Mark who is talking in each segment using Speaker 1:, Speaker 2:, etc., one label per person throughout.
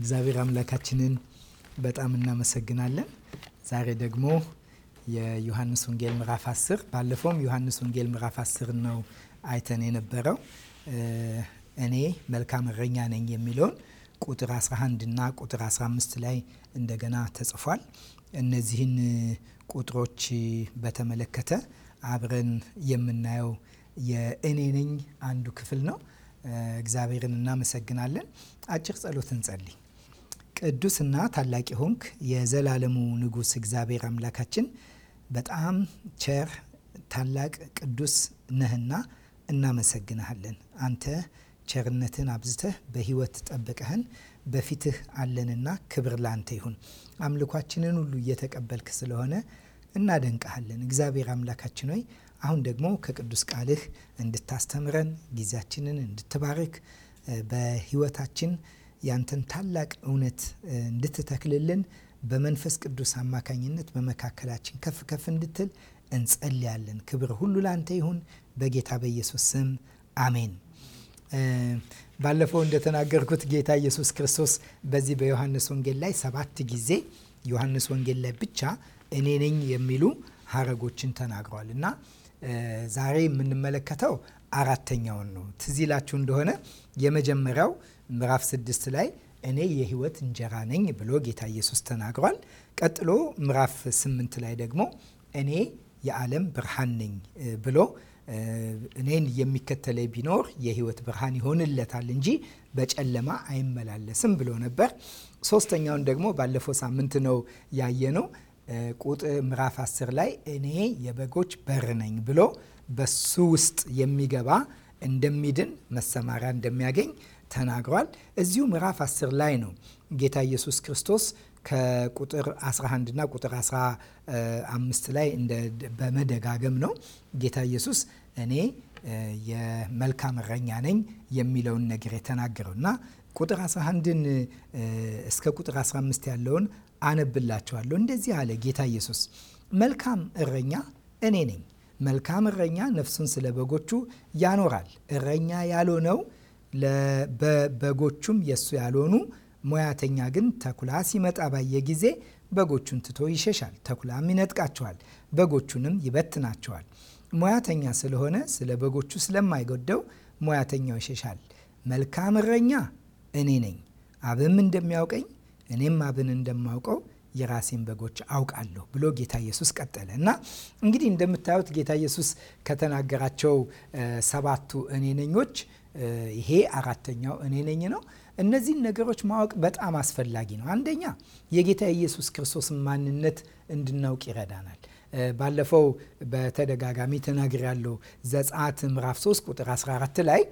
Speaker 1: እግዚአብሔር አምላካችንን በጣም እናመሰግናለን። ዛሬ ደግሞ የዮሐንስ ወንጌል ምዕራፍ 10 ባለፈውም ዮሐንስ ወንጌል ምዕራፍ 10 ነው አይተን የነበረው እኔ መልካም እረኛ ነኝ የሚለውን ቁጥር 11 እና ቁጥር 15 ላይ እንደገና ተጽፏል። እነዚህን ቁጥሮች በተመለከተ አብረን የምናየው የእኔ ነኝ አንዱ ክፍል ነው። እግዚአብሔርን እናመሰግናለን። አጭር ጸሎት እንጸልይ። ቅዱስና ታላቅ የሆንክ የዘላለሙ ንጉስ እግዚአብሔር አምላካችን በጣም ቸር ታላቅ ቅዱስ ነህና እናመሰግንሃለን። አንተ ቸርነትን አብዝተህ በህይወት ጠብቀህን በፊትህ አለንና ክብር ላንተ ይሁን። አምልኳችንን ሁሉ እየተቀበልክ ስለሆነ እናደንቀሃለን። እግዚአብሔር አምላካችን ሆይ አሁን ደግሞ ከቅዱስ ቃልህ እንድታስተምረን ጊዜያችንን እንድትባርክ በህይወታችን ። ያንተን ታላቅ እውነት እንድትተክልልን በመንፈስ ቅዱስ አማካኝነት በመካከላችን ከፍ ከፍ እንድትል እንጸልያለን። ክብር ሁሉ ላንተ ይሁን በጌታ በኢየሱስ ስም አሜን። ባለፈው እንደተናገርኩት ጌታ ኢየሱስ ክርስቶስ በዚህ በዮሐንስ ወንጌል ላይ ሰባት ጊዜ ዮሐንስ ወንጌል ላይ ብቻ እኔ ነኝ የሚሉ ሀረጎችን ተናግሯል እና ዛሬ የምንመለከተው አራተኛውን ነው። ትዝ ይላችሁ እንደሆነ የመጀመሪያው ምዕራፍ ስድስት ላይ እኔ የህይወት እንጀራ ነኝ ብሎ ጌታ ኢየሱስ ተናግሯል። ቀጥሎ ምዕራፍ ስምንት ላይ ደግሞ እኔ የዓለም ብርሃን ነኝ ብሎ እኔን የሚከተለ ቢኖር የህይወት ብርሃን ይሆንለታል እንጂ በጨለማ አይመላለስም ብሎ ነበር። ሶስተኛውን ደግሞ ባለፈው ሳምንት ነው ያየነው። ቁጥር ምዕራፍ 10 ላይ እኔ የበጎች በር ነኝ ብሎ በሱ ውስጥ የሚገባ እንደሚድን መሰማሪያ እንደሚያገኝ ተናግሯል። እዚሁ ምዕራፍ 10 ላይ ነው ጌታ ኢየሱስ ክርስቶስ ከቁጥር 11 እና ቁጥር 15 ላይ በመደጋገም ነው ጌታ ኢየሱስ እኔ የመልካም እረኛ ነኝ የሚለውን ነገር የተናገረው እና ቁጥር 11ን እስከ ቁጥር 15 ያለውን አነብላቸዋለሁ። እንደዚህ አለ ጌታ ኢየሱስ፣ መልካም እረኛ እኔ ነኝ። መልካም እረኛ ነፍሱን ስለ በጎቹ ያኖራል። እረኛ ያልሆነው ነው በጎቹም የእሱ ያልሆኑ ሙያተኛ ግን ተኩላ ሲመጣ ባየ ጊዜ በጎቹን ትቶ ይሸሻል። ተኩላም ይነጥቃቸዋል፣ በጎቹንም ይበትናቸዋል። ሙያተኛ ስለሆነ ስለ በጎቹ ስለማይጎደው ሙያተኛው ይሸሻል። መልካም እረኛ እኔ ነኝ፣ አብም እንደሚያውቀኝ እኔም አብን እንደማውቀው የራሴን በጎች አውቃለሁ ብሎ ጌታ ኢየሱስ ቀጠለ እና እንግዲህ እንደምታዩት ጌታ ኢየሱስ ከተናገራቸው ሰባቱ እኔ ነኞች ይሄ አራተኛው እኔ ነኝ ነው። እነዚህን ነገሮች ማወቅ በጣም አስፈላጊ ነው። አንደኛ የጌታ ኢየሱስ ክርስቶስን ማንነት እንድናውቅ ይረዳናል። ባለፈው በተደጋጋሚ ያለው ዘጸአት ምዕራፍ 3 ቁጥር 14 ላይ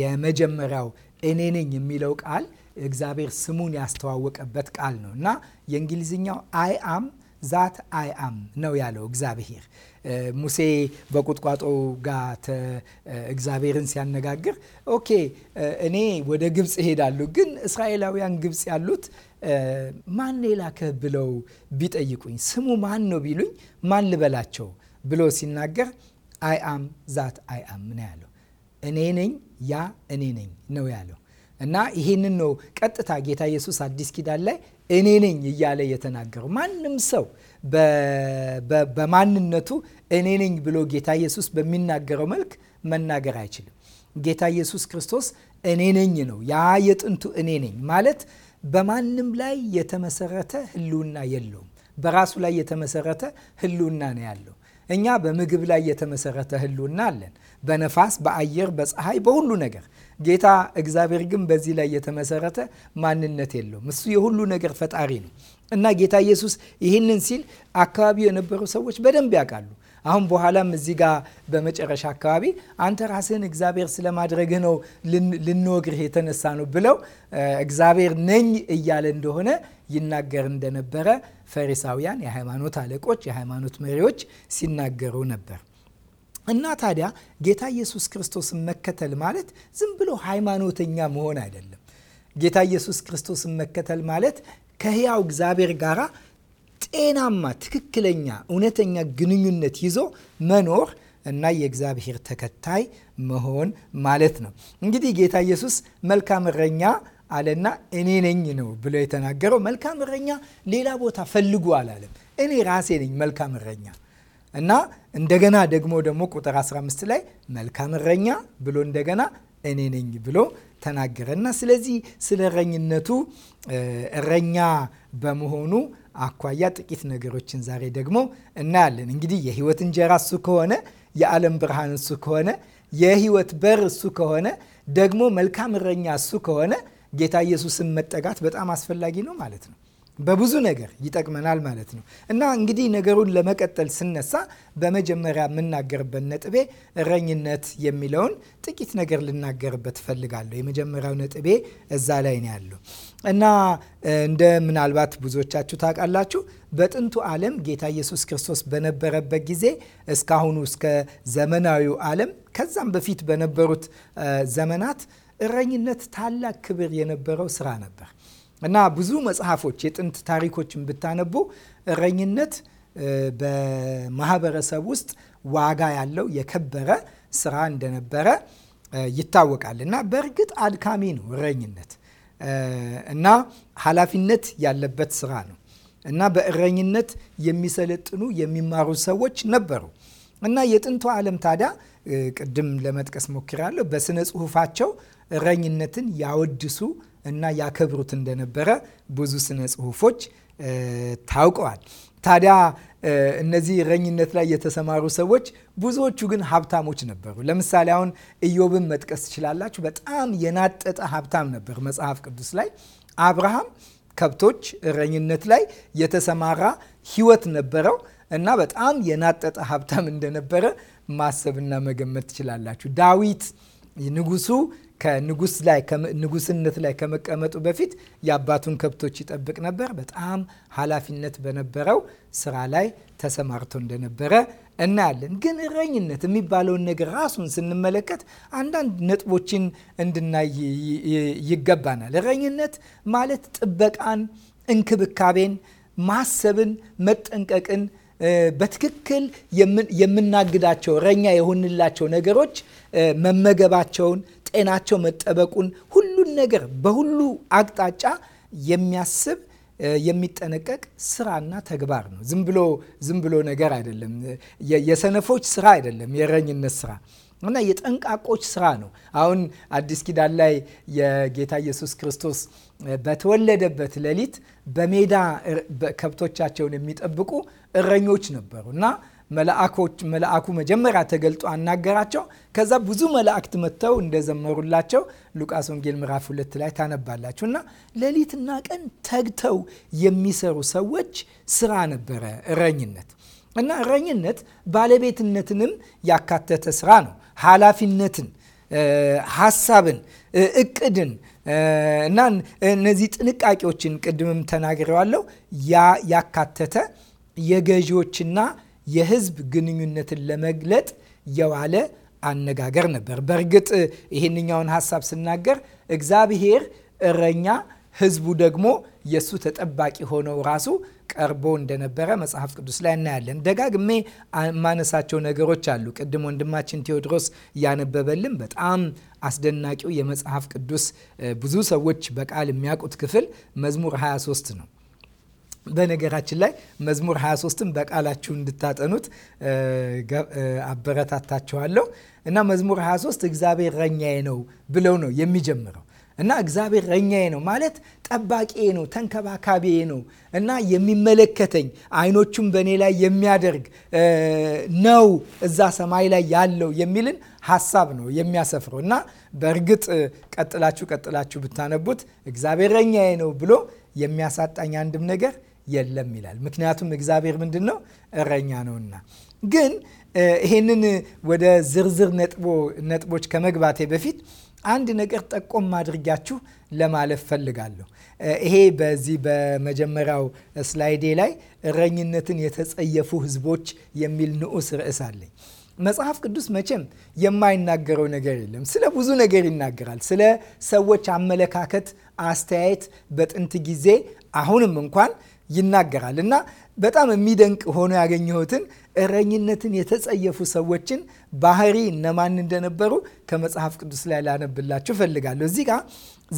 Speaker 1: የመጀመሪያው እኔ ነኝ የሚለው ቃል እግዚአብሔር ስሙን ያስተዋወቀበት ቃል ነው እና የእንግሊዝኛው አይ አም ዛት አይ አም ነው ያለው እግዚአብሔር። ሙሴ በቁጥቋጦ ጋር እግዚአብሔርን ሲያነጋግር ኦኬ እኔ ወደ ግብፅ እሄዳለሁ፣ ግን እስራኤላውያን ግብፅ ያሉት ማን የላከህ ብለው ቢጠይቁኝ ስሙ ማን ነው ቢሉኝ ማን ልበላቸው ብሎ ሲናገር አይ አም ዛት አይ አም ነው ያለው። እኔ ነኝ ያ እኔ ነኝ ነው ያለው እና ይሄንን ነው ቀጥታ ጌታ ኢየሱስ አዲስ ኪዳን ላይ እኔ ነኝ እያለ የተናገረው ማንም ሰው በማንነቱ እኔ ነኝ ብሎ ጌታ ኢየሱስ በሚናገረው መልክ መናገር አይችልም። ጌታ ኢየሱስ ክርስቶስ እኔ ነኝ ነው። ያ የጥንቱ እኔ ነኝ ማለት በማንም ላይ የተመሰረተ ህልውና የለውም። በራሱ ላይ የተመሰረተ ህልውና ነው ያለው። እኛ በምግብ ላይ የተመሰረተ ህልውና አለን። በነፋስ፣ በአየር፣ በፀሐይ፣ በሁሉ ነገር ጌታ እግዚአብሔር ግን በዚህ ላይ የተመሰረተ ማንነት የለውም። እሱ የሁሉ ነገር ፈጣሪ ነው እና ጌታ ኢየሱስ ይህንን ሲል አካባቢው የነበሩ ሰዎች በደንብ ያውቃሉ። አሁን በኋላም እዚህ ጋር በመጨረሻ አካባቢ አንተ ራስህን እግዚአብሔር ስለማድረግህ ነው ልንወግርህ የተነሳ ነው ብለው እግዚአብሔር ነኝ እያለ እንደሆነ ይናገር እንደነበረ ፈሪሳውያን፣ የሃይማኖት አለቆች፣ የሃይማኖት መሪዎች ሲናገሩ ነበር። እና ታዲያ ጌታ ኢየሱስ ክርስቶስን መከተል ማለት ዝም ብሎ ሃይማኖተኛ መሆን አይደለም። ጌታ ኢየሱስ ክርስቶስን መከተል ማለት ከህያው እግዚአብሔር ጋራ ጤናማ፣ ትክክለኛ፣ እውነተኛ ግንኙነት ይዞ መኖር እና የእግዚአብሔር ተከታይ መሆን ማለት ነው። እንግዲህ ጌታ ኢየሱስ መልካም እረኛ አለና እኔ ነኝ ነው ብሎ የተናገረው። መልካም እረኛ ሌላ ቦታ ፈልጉ አላለም። እኔ ራሴ ነኝ መልካም እረኛ እና እንደገና ደግሞ ደግሞ ቁጥር 15 ላይ መልካም እረኛ ብሎ እንደገና እኔ ነኝ ብሎ ተናገረ እና ስለዚህ ስለ እረኝነቱ እረኛ በመሆኑ አኳያ ጥቂት ነገሮችን ዛሬ ደግሞ እናያለን። እንግዲህ የህይወት እንጀራ እሱ ከሆነ፣ የዓለም ብርሃን እሱ ከሆነ፣ የህይወት በር እሱ ከሆነ፣ ደግሞ መልካም እረኛ እሱ ከሆነ ጌታ ኢየሱስን መጠጋት በጣም አስፈላጊ ነው ማለት ነው። በብዙ ነገር ይጠቅመናል ማለት ነው። እና እንግዲህ ነገሩን ለመቀጠል ስነሳ በመጀመሪያ የምናገርበት ነጥቤ እረኝነት የሚለውን ጥቂት ነገር ልናገርበት እፈልጋለሁ። የመጀመሪያው ነጥቤ እዛ ላይ ነው ያለው እና እንደ ምናልባት ብዙዎቻችሁ ታውቃላችሁ በጥንቱ ዓለም ጌታ ኢየሱስ ክርስቶስ በነበረበት ጊዜ እስካሁኑ እስከ ዘመናዊው ዓለም ከዛም በፊት በነበሩት ዘመናት እረኝነት ታላቅ ክብር የነበረው ስራ ነበር። እና ብዙ መጽሐፎች የጥንት ታሪኮችን ብታነቡ እረኝነት በማህበረሰብ ውስጥ ዋጋ ያለው የከበረ ስራ እንደነበረ ይታወቃል። እና በእርግጥ አድካሚ ነው እረኝነት እና ኃላፊነት ያለበት ስራ ነው እና በእረኝነት የሚሰለጥኑ የሚማሩ ሰዎች ነበሩ። እና የጥንቱ ዓለም ታዲያ ቅድም ለመጥቀስ ሞክራለሁ፣ በስነ ጽሁፋቸው እረኝነትን ያወድሱ እና ያከብሩት እንደነበረ ብዙ ስነ ጽሁፎች ታውቀዋል። ታዲያ እነዚህ እረኝነት ላይ የተሰማሩ ሰዎች ብዙዎቹ ግን ሀብታሞች ነበሩ። ለምሳሌ አሁን ኢዮብን መጥቀስ ትችላላችሁ። በጣም የናጠጠ ሀብታም ነበር። መጽሐፍ ቅዱስ ላይ አብርሃም ከብቶች፣ እረኝነት ላይ የተሰማራ ህይወት ነበረው እና በጣም የናጠጠ ሀብታም እንደነበረ ማሰብና መገመት ትችላላችሁ። ዳዊት ንጉሱ ከንጉስ ላይ ንጉስነት ላይ ከመቀመጡ በፊት የአባቱን ከብቶች ይጠብቅ ነበር። በጣም ኃላፊነት በነበረው ስራ ላይ ተሰማርቶ እንደነበረ እናያለን። ግን እረኝነት የሚባለውን ነገር ራሱን ስንመለከት አንዳንድ ነጥቦችን እንድናይ ይገባናል። እረኝነት ማለት ጥበቃን፣ እንክብካቤን፣ ማሰብን፣ መጠንቀቅን በትክክል የምናግዳቸው እረኛ የሆንላቸው ነገሮች መመገባቸውን ጤናቸው መጠበቁን፣ ሁሉን ነገር በሁሉ አቅጣጫ የሚያስብ የሚጠነቀቅ ስራና ተግባር ነው። ዝም ብሎ ዝም ብሎ ነገር አይደለም። የሰነፎች ስራ አይደለም የእረኝነት ስራ እና የጠንቃቆች ስራ ነው። አሁን አዲስ ኪዳን ላይ የጌታ ኢየሱስ ክርስቶስ በተወለደበት ሌሊት በሜዳ ከብቶቻቸውን የሚጠብቁ እረኞች ነበሩ እና መላእኮች መልአኩ መጀመሪያ ተገልጦ አናገራቸው። ከዛ ብዙ መላእክት መጥተው እንደዘመሩላቸው ሉቃስ ወንጌል ምዕራፍ ሁለት ላይ ታነባላችሁ። እና ሌሊትና ቀን ተግተው የሚሰሩ ሰዎች ስራ ነበረ እረኝነት። እና እረኝነት ባለቤትነትንም ያካተተ ስራ ነው። ኃላፊነትን፣ ሀሳብን፣ እቅድን እና እነዚህ ጥንቃቄዎችን ቅድምም ተናግሬዋለሁ ያካተተ የገዢዎችና የህዝብ ግንኙነትን ለመግለጥ የዋለ አነጋገር ነበር። በእርግጥ ይሄንኛውን ሀሳብ ስናገር እግዚአብሔር እረኛ፣ ህዝቡ ደግሞ የእሱ ተጠባቂ ሆነው ራሱ ቀርቦ እንደነበረ መጽሐፍ ቅዱስ ላይ እናያለን። ደጋግሜ የማነሳቸው ነገሮች አሉ። ቅድም ወንድማችን ቴዎድሮስ ያነበበልን በጣም አስደናቂው የመጽሐፍ ቅዱስ ብዙ ሰዎች በቃል የሚያውቁት ክፍል መዝሙር 23 ነው። በነገራችን ላይ መዝሙር 23ን በቃላችሁ እንድታጠኑት አበረታታችኋለሁ እና መዝሙር 23 እግዚአብሔር ረኛዬ ነው ብለው ነው የሚጀምረው እና እግዚአብሔር ረኛዬ ነው ማለት ጠባቂዬ ነው፣ ተንከባካቢዬ ነው እና የሚመለከተኝ አይኖቹም በእኔ ላይ የሚያደርግ ነው እዛ ሰማይ ላይ ያለው የሚልን ሀሳብ ነው የሚያሰፍረው እና በእርግጥ ቀጥላችሁ ቀጥላችሁ ብታነቡት እግዚአብሔር ረኛዬ ነው ብሎ የሚያሳጣኝ አንድም ነገር የለም ይላል። ምክንያቱም እግዚአብሔር ምንድን ነው እረኛ ነውና። ግን ይህንን ወደ ዝርዝር ነጥቦች ከመግባቴ በፊት አንድ ነገር ጠቆም አድርጊያችሁ ለማለፍ ፈልጋለሁ። ይሄ በዚህ በመጀመሪያው ስላይዴ ላይ እረኝነትን የተጸየፉ ህዝቦች የሚል ንዑስ ርዕስ አለኝ። መጽሐፍ ቅዱስ መቼም የማይናገረው ነገር የለም። ስለ ብዙ ነገር ይናገራል። ስለ ሰዎች አመለካከት፣ አስተያየት በጥንት ጊዜ አሁንም እንኳን ይናገራል እና በጣም የሚደንቅ ሆኖ ያገኘሁትን እረኝነትን የተጸየፉ ሰዎችን ባህሪ እነማን እንደነበሩ ከመጽሐፍ ቅዱስ ላይ ላነብላችሁ እፈልጋለሁ። እዚህ ጋር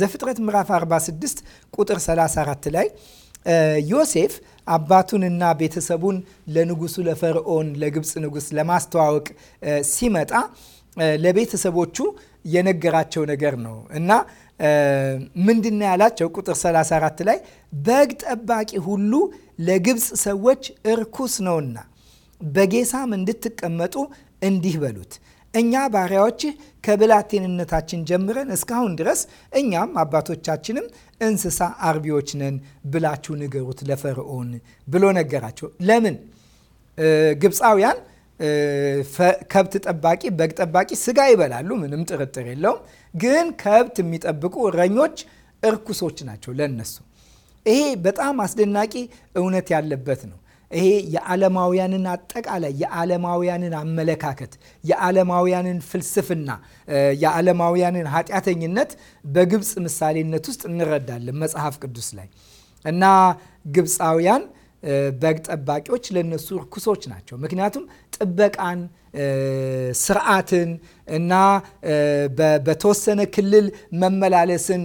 Speaker 1: ዘፍጥረት ምዕራፍ 46 ቁጥር 34 ላይ ዮሴፍ አባቱንና ቤተሰቡን ለንጉሱ ለፈርዖን ለግብፅ ንጉስ ለማስተዋወቅ ሲመጣ ለቤተሰቦቹ የነገራቸው ነገር ነው እና ምንድነው ያላቸው? ቁጥር 34 ላይ በግ ጠባቂ ሁሉ ለግብፅ ሰዎች እርኩስ ነውና በጌሳም እንድትቀመጡ እንዲህ በሉት እኛ ባሪያዎችህ ከብላቴንነታችን ጀምረን እስካሁን ድረስ እኛም አባቶቻችንም እንስሳ አርቢዎች ነን ብላችሁ ንገሩት ለፈርዖን ብሎ ነገራቸው። ለምን ግብፃውያን ከብት ጠባቂ፣ በግ ጠባቂ ስጋ ይበላሉ፣ ምንም ጥርጥር የለውም። ግን ከብት የሚጠብቁ እረኞች እርኩሶች ናቸው ለነሱ። ይሄ በጣም አስደናቂ እውነት ያለበት ነው። ይሄ የዓለማውያንን አጠቃላይ የዓለማውያንን አመለካከት፣ የዓለማውያንን ፍልስፍና፣ የዓለማውያንን ኃጢአተኝነት በግብፅ ምሳሌነት ውስጥ እንረዳለን መጽሐፍ ቅዱስ ላይ እና ግብፃውያን በግ ጠባቂዎች ለነሱ ርኩሶች ናቸው። ምክንያቱም ጥበቃን፣ ስርዓትን እና በተወሰነ ክልል መመላለስን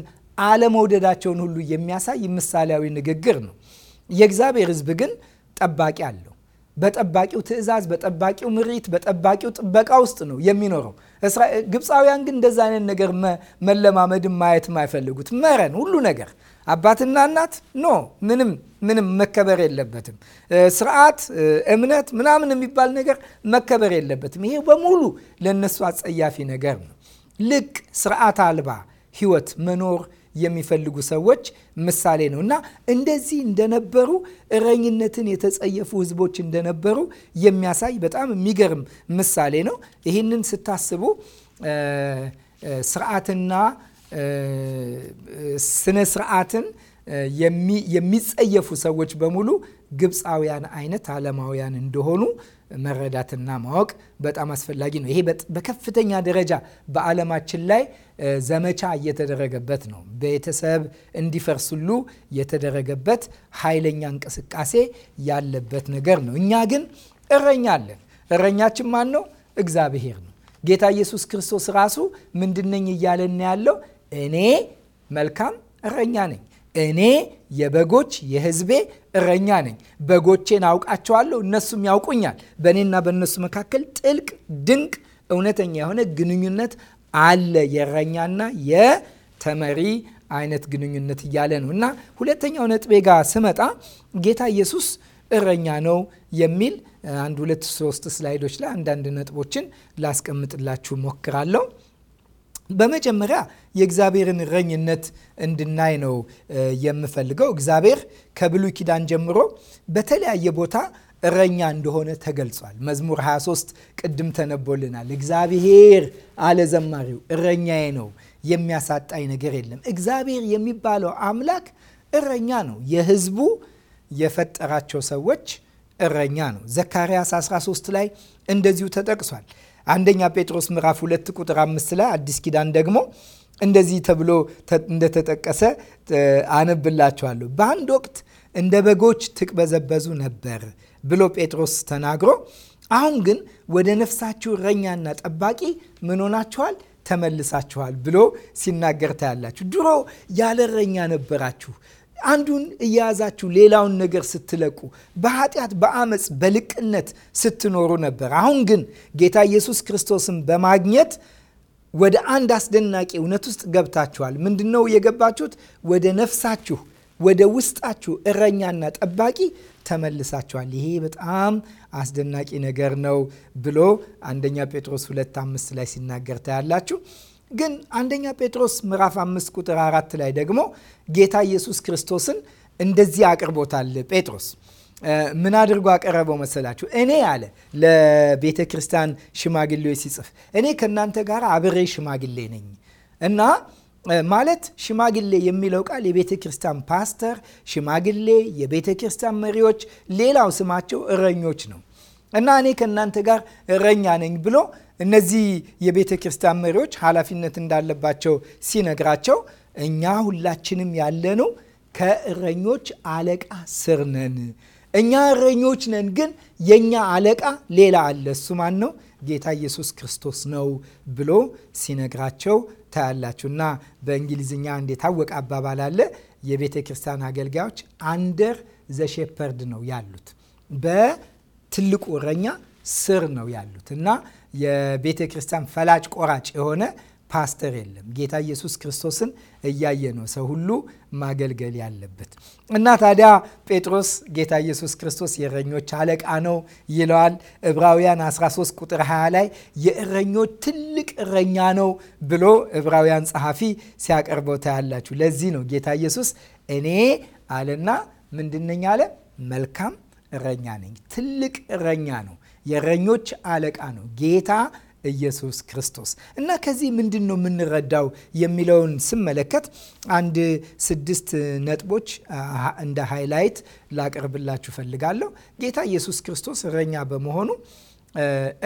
Speaker 1: አለመውደዳቸውን ሁሉ የሚያሳይ ምሳሌያዊ ንግግር ነው። የእግዚአብሔር ሕዝብ ግን ጠባቂ አለው። በጠባቂው ትእዛዝ፣ በጠባቂው ምሪት፣ በጠባቂው ጥበቃ ውስጥ ነው የሚኖረው። ግብፃውያን ግን እንደዛ አይነት ነገር መለማመድን ማየት ማይፈልጉት መረን ሁሉ ነገር አባትና እናት ኖ ምንም ምንም መከበር የለበትም። ስርዓት፣ እምነት ምናምን የሚባል ነገር መከበር የለበትም። ይሄ በሙሉ ለእነሱ አጸያፊ ነገር ነው። ልቅ ስርዓት አልባ ህይወት መኖር የሚፈልጉ ሰዎች ምሳሌ ነው እና እንደዚህ እንደነበሩ እረኝነትን የተጸየፉ ህዝቦች እንደነበሩ የሚያሳይ በጣም የሚገርም ምሳሌ ነው። ይህንን ስታስቡ ስርዓትና ስነ ስርዓትን የሚጸየፉ ሰዎች በሙሉ ግብፃውያን አይነት አለማውያን እንደሆኑ መረዳትና ማወቅ በጣም አስፈላጊ ነው። ይሄ በከፍተኛ ደረጃ በዓለማችን ላይ ዘመቻ እየተደረገበት ነው። ቤተሰብ እንዲፈርስ ሁሉ የተደረገበት ኃይለኛ እንቅስቃሴ ያለበት ነገር ነው። እኛ ግን እረኛ አለን። እረኛችን ማን ነው? እግዚአብሔር ነው። ጌታ ኢየሱስ ክርስቶስ ራሱ ምንድነኝ እያለን ያለው? እኔ መልካም እረኛ ነኝ እኔ የበጎች የህዝቤ እረኛ ነኝ። በጎቼን አውቃቸዋለሁ፣ እነሱም ያውቁኛል። በእኔና በእነሱ መካከል ጥልቅ ድንቅ እውነተኛ የሆነ ግንኙነት አለ። የእረኛና የተመሪ አይነት ግንኙነት እያለ ነው እና ሁለተኛው ነጥቤ ጋር ስመጣ ጌታ ኢየሱስ እረኛ ነው የሚል አንድ ሁለት ሶስት ስላይዶች ላይ አንዳንድ ነጥቦችን ላስቀምጥላችሁ ሞክራለሁ። በመጀመሪያ የእግዚአብሔርን እረኝነት እንድናይ ነው የምፈልገው። እግዚአብሔር ከብሉይ ኪዳን ጀምሮ በተለያየ ቦታ እረኛ እንደሆነ ተገልጿል። መዝሙር 23 ቅድም ተነቦልናል። እግዚአብሔር አለ ዘማሪው እረኛዬ ነው፣ የሚያሳጣኝ ነገር የለም። እግዚአብሔር የሚባለው አምላክ እረኛ ነው። የህዝቡ የፈጠራቸው ሰዎች እረኛ ነው። ዘካርያስ 13 ላይ እንደዚሁ ተጠቅሷል። አንደኛ ጴጥሮስ ምዕራፍ ሁለት ቁጥር አምስት ላይ አዲስ ኪዳን ደግሞ እንደዚህ ተብሎ እንደተጠቀሰ አነብላችኋለሁ። በአንድ ወቅት እንደ በጎች ትቅበዘበዙ ነበር ብሎ ጴጥሮስ ተናግሮ አሁን ግን ወደ ነፍሳችሁ እረኛና ጠባቂ ምን ሆናችኋል ተመልሳችኋል ብሎ ሲናገር ታያላችሁ። ድሮ ያለ እረኛ ነበራችሁ። አንዱን እያያዛችሁ ሌላውን ነገር ስትለቁ በኃጢአት በአመፅ በልቅነት ስትኖሩ ነበር። አሁን ግን ጌታ ኢየሱስ ክርስቶስን በማግኘት ወደ አንድ አስደናቂ እውነት ውስጥ ገብታችኋል። ምንድነው የገባችሁት? ወደ ነፍሳችሁ፣ ወደ ውስጣችሁ እረኛና ጠባቂ ተመልሳችኋል። ይሄ በጣም አስደናቂ ነገር ነው ብሎ አንደኛ ጴጥሮስ ሁለት አምስት ላይ ሲናገር ታያላችሁ። ግን አንደኛ ጴጥሮስ ምዕራፍ አምስት ቁጥር አራት ላይ ደግሞ ጌታ ኢየሱስ ክርስቶስን እንደዚህ አቅርቦታል። ጴጥሮስ ምን አድርጎ አቀረበው መሰላችሁ? እኔ አለ ለቤተ ክርስቲያን ሽማግሌዎች ሲጽፍ እኔ ከእናንተ ጋር አብሬ ሽማግሌ ነኝ እና ማለት ሽማግሌ የሚለው ቃል የቤተ ክርስቲያን ፓስተር፣ ሽማግሌ፣ የቤተ ክርስቲያን መሪዎች፣ ሌላው ስማቸው እረኞች ነው እና እኔ ከእናንተ ጋር እረኛ ነኝ ብሎ እነዚህ የቤተ ክርስቲያን መሪዎች ኃላፊነት እንዳለባቸው ሲነግራቸው እኛ ሁላችንም ያለነው ከእረኞች አለቃ ስር ነን። እኛ እረኞች ነን፣ ግን የእኛ አለቃ ሌላ አለ። እሱ ማን ነው? ጌታ ኢየሱስ ክርስቶስ ነው ብሎ ሲነግራቸው ታያላችሁ። እና በእንግሊዝኛ አንድ የታወቀ አባባል አለ። የቤተ ክርስቲያን አገልጋዮች አንደር ዘ ሼፐርድ ነው ያሉት በትልቁ እረኛ ስር ነው ያሉት እና የቤተ ክርስቲያን ፈላጭ ቆራጭ የሆነ ፓስተር የለም። ጌታ ኢየሱስ ክርስቶስን እያየ ነው ሰው ሁሉ ማገልገል ያለበት እና ታዲያ ጴጥሮስ ጌታ ኢየሱስ ክርስቶስ የእረኞች አለቃ ነው ይለዋል። ዕብራውያን 13 ቁጥር 20 ላይ የእረኞች ትልቅ እረኛ ነው ብሎ ዕብራውያን ጸሐፊ ሲያቀርበው ታያላችሁ። ለዚህ ነው ጌታ ኢየሱስ እኔ አለና ምንድነኝ አለ መልካም እረኛ ነኝ። ትልቅ እረኛ ነው። የእረኞች አለቃ ነው ጌታ ኢየሱስ ክርስቶስ እና ከዚህ ምንድን ነው የምንረዳው የሚለውን ስመለከት አንድ ስድስት ነጥቦች እንደ ሃይላይት ላቀርብላችሁ ፈልጋለሁ። ጌታ ኢየሱስ ክርስቶስ እረኛ በመሆኑ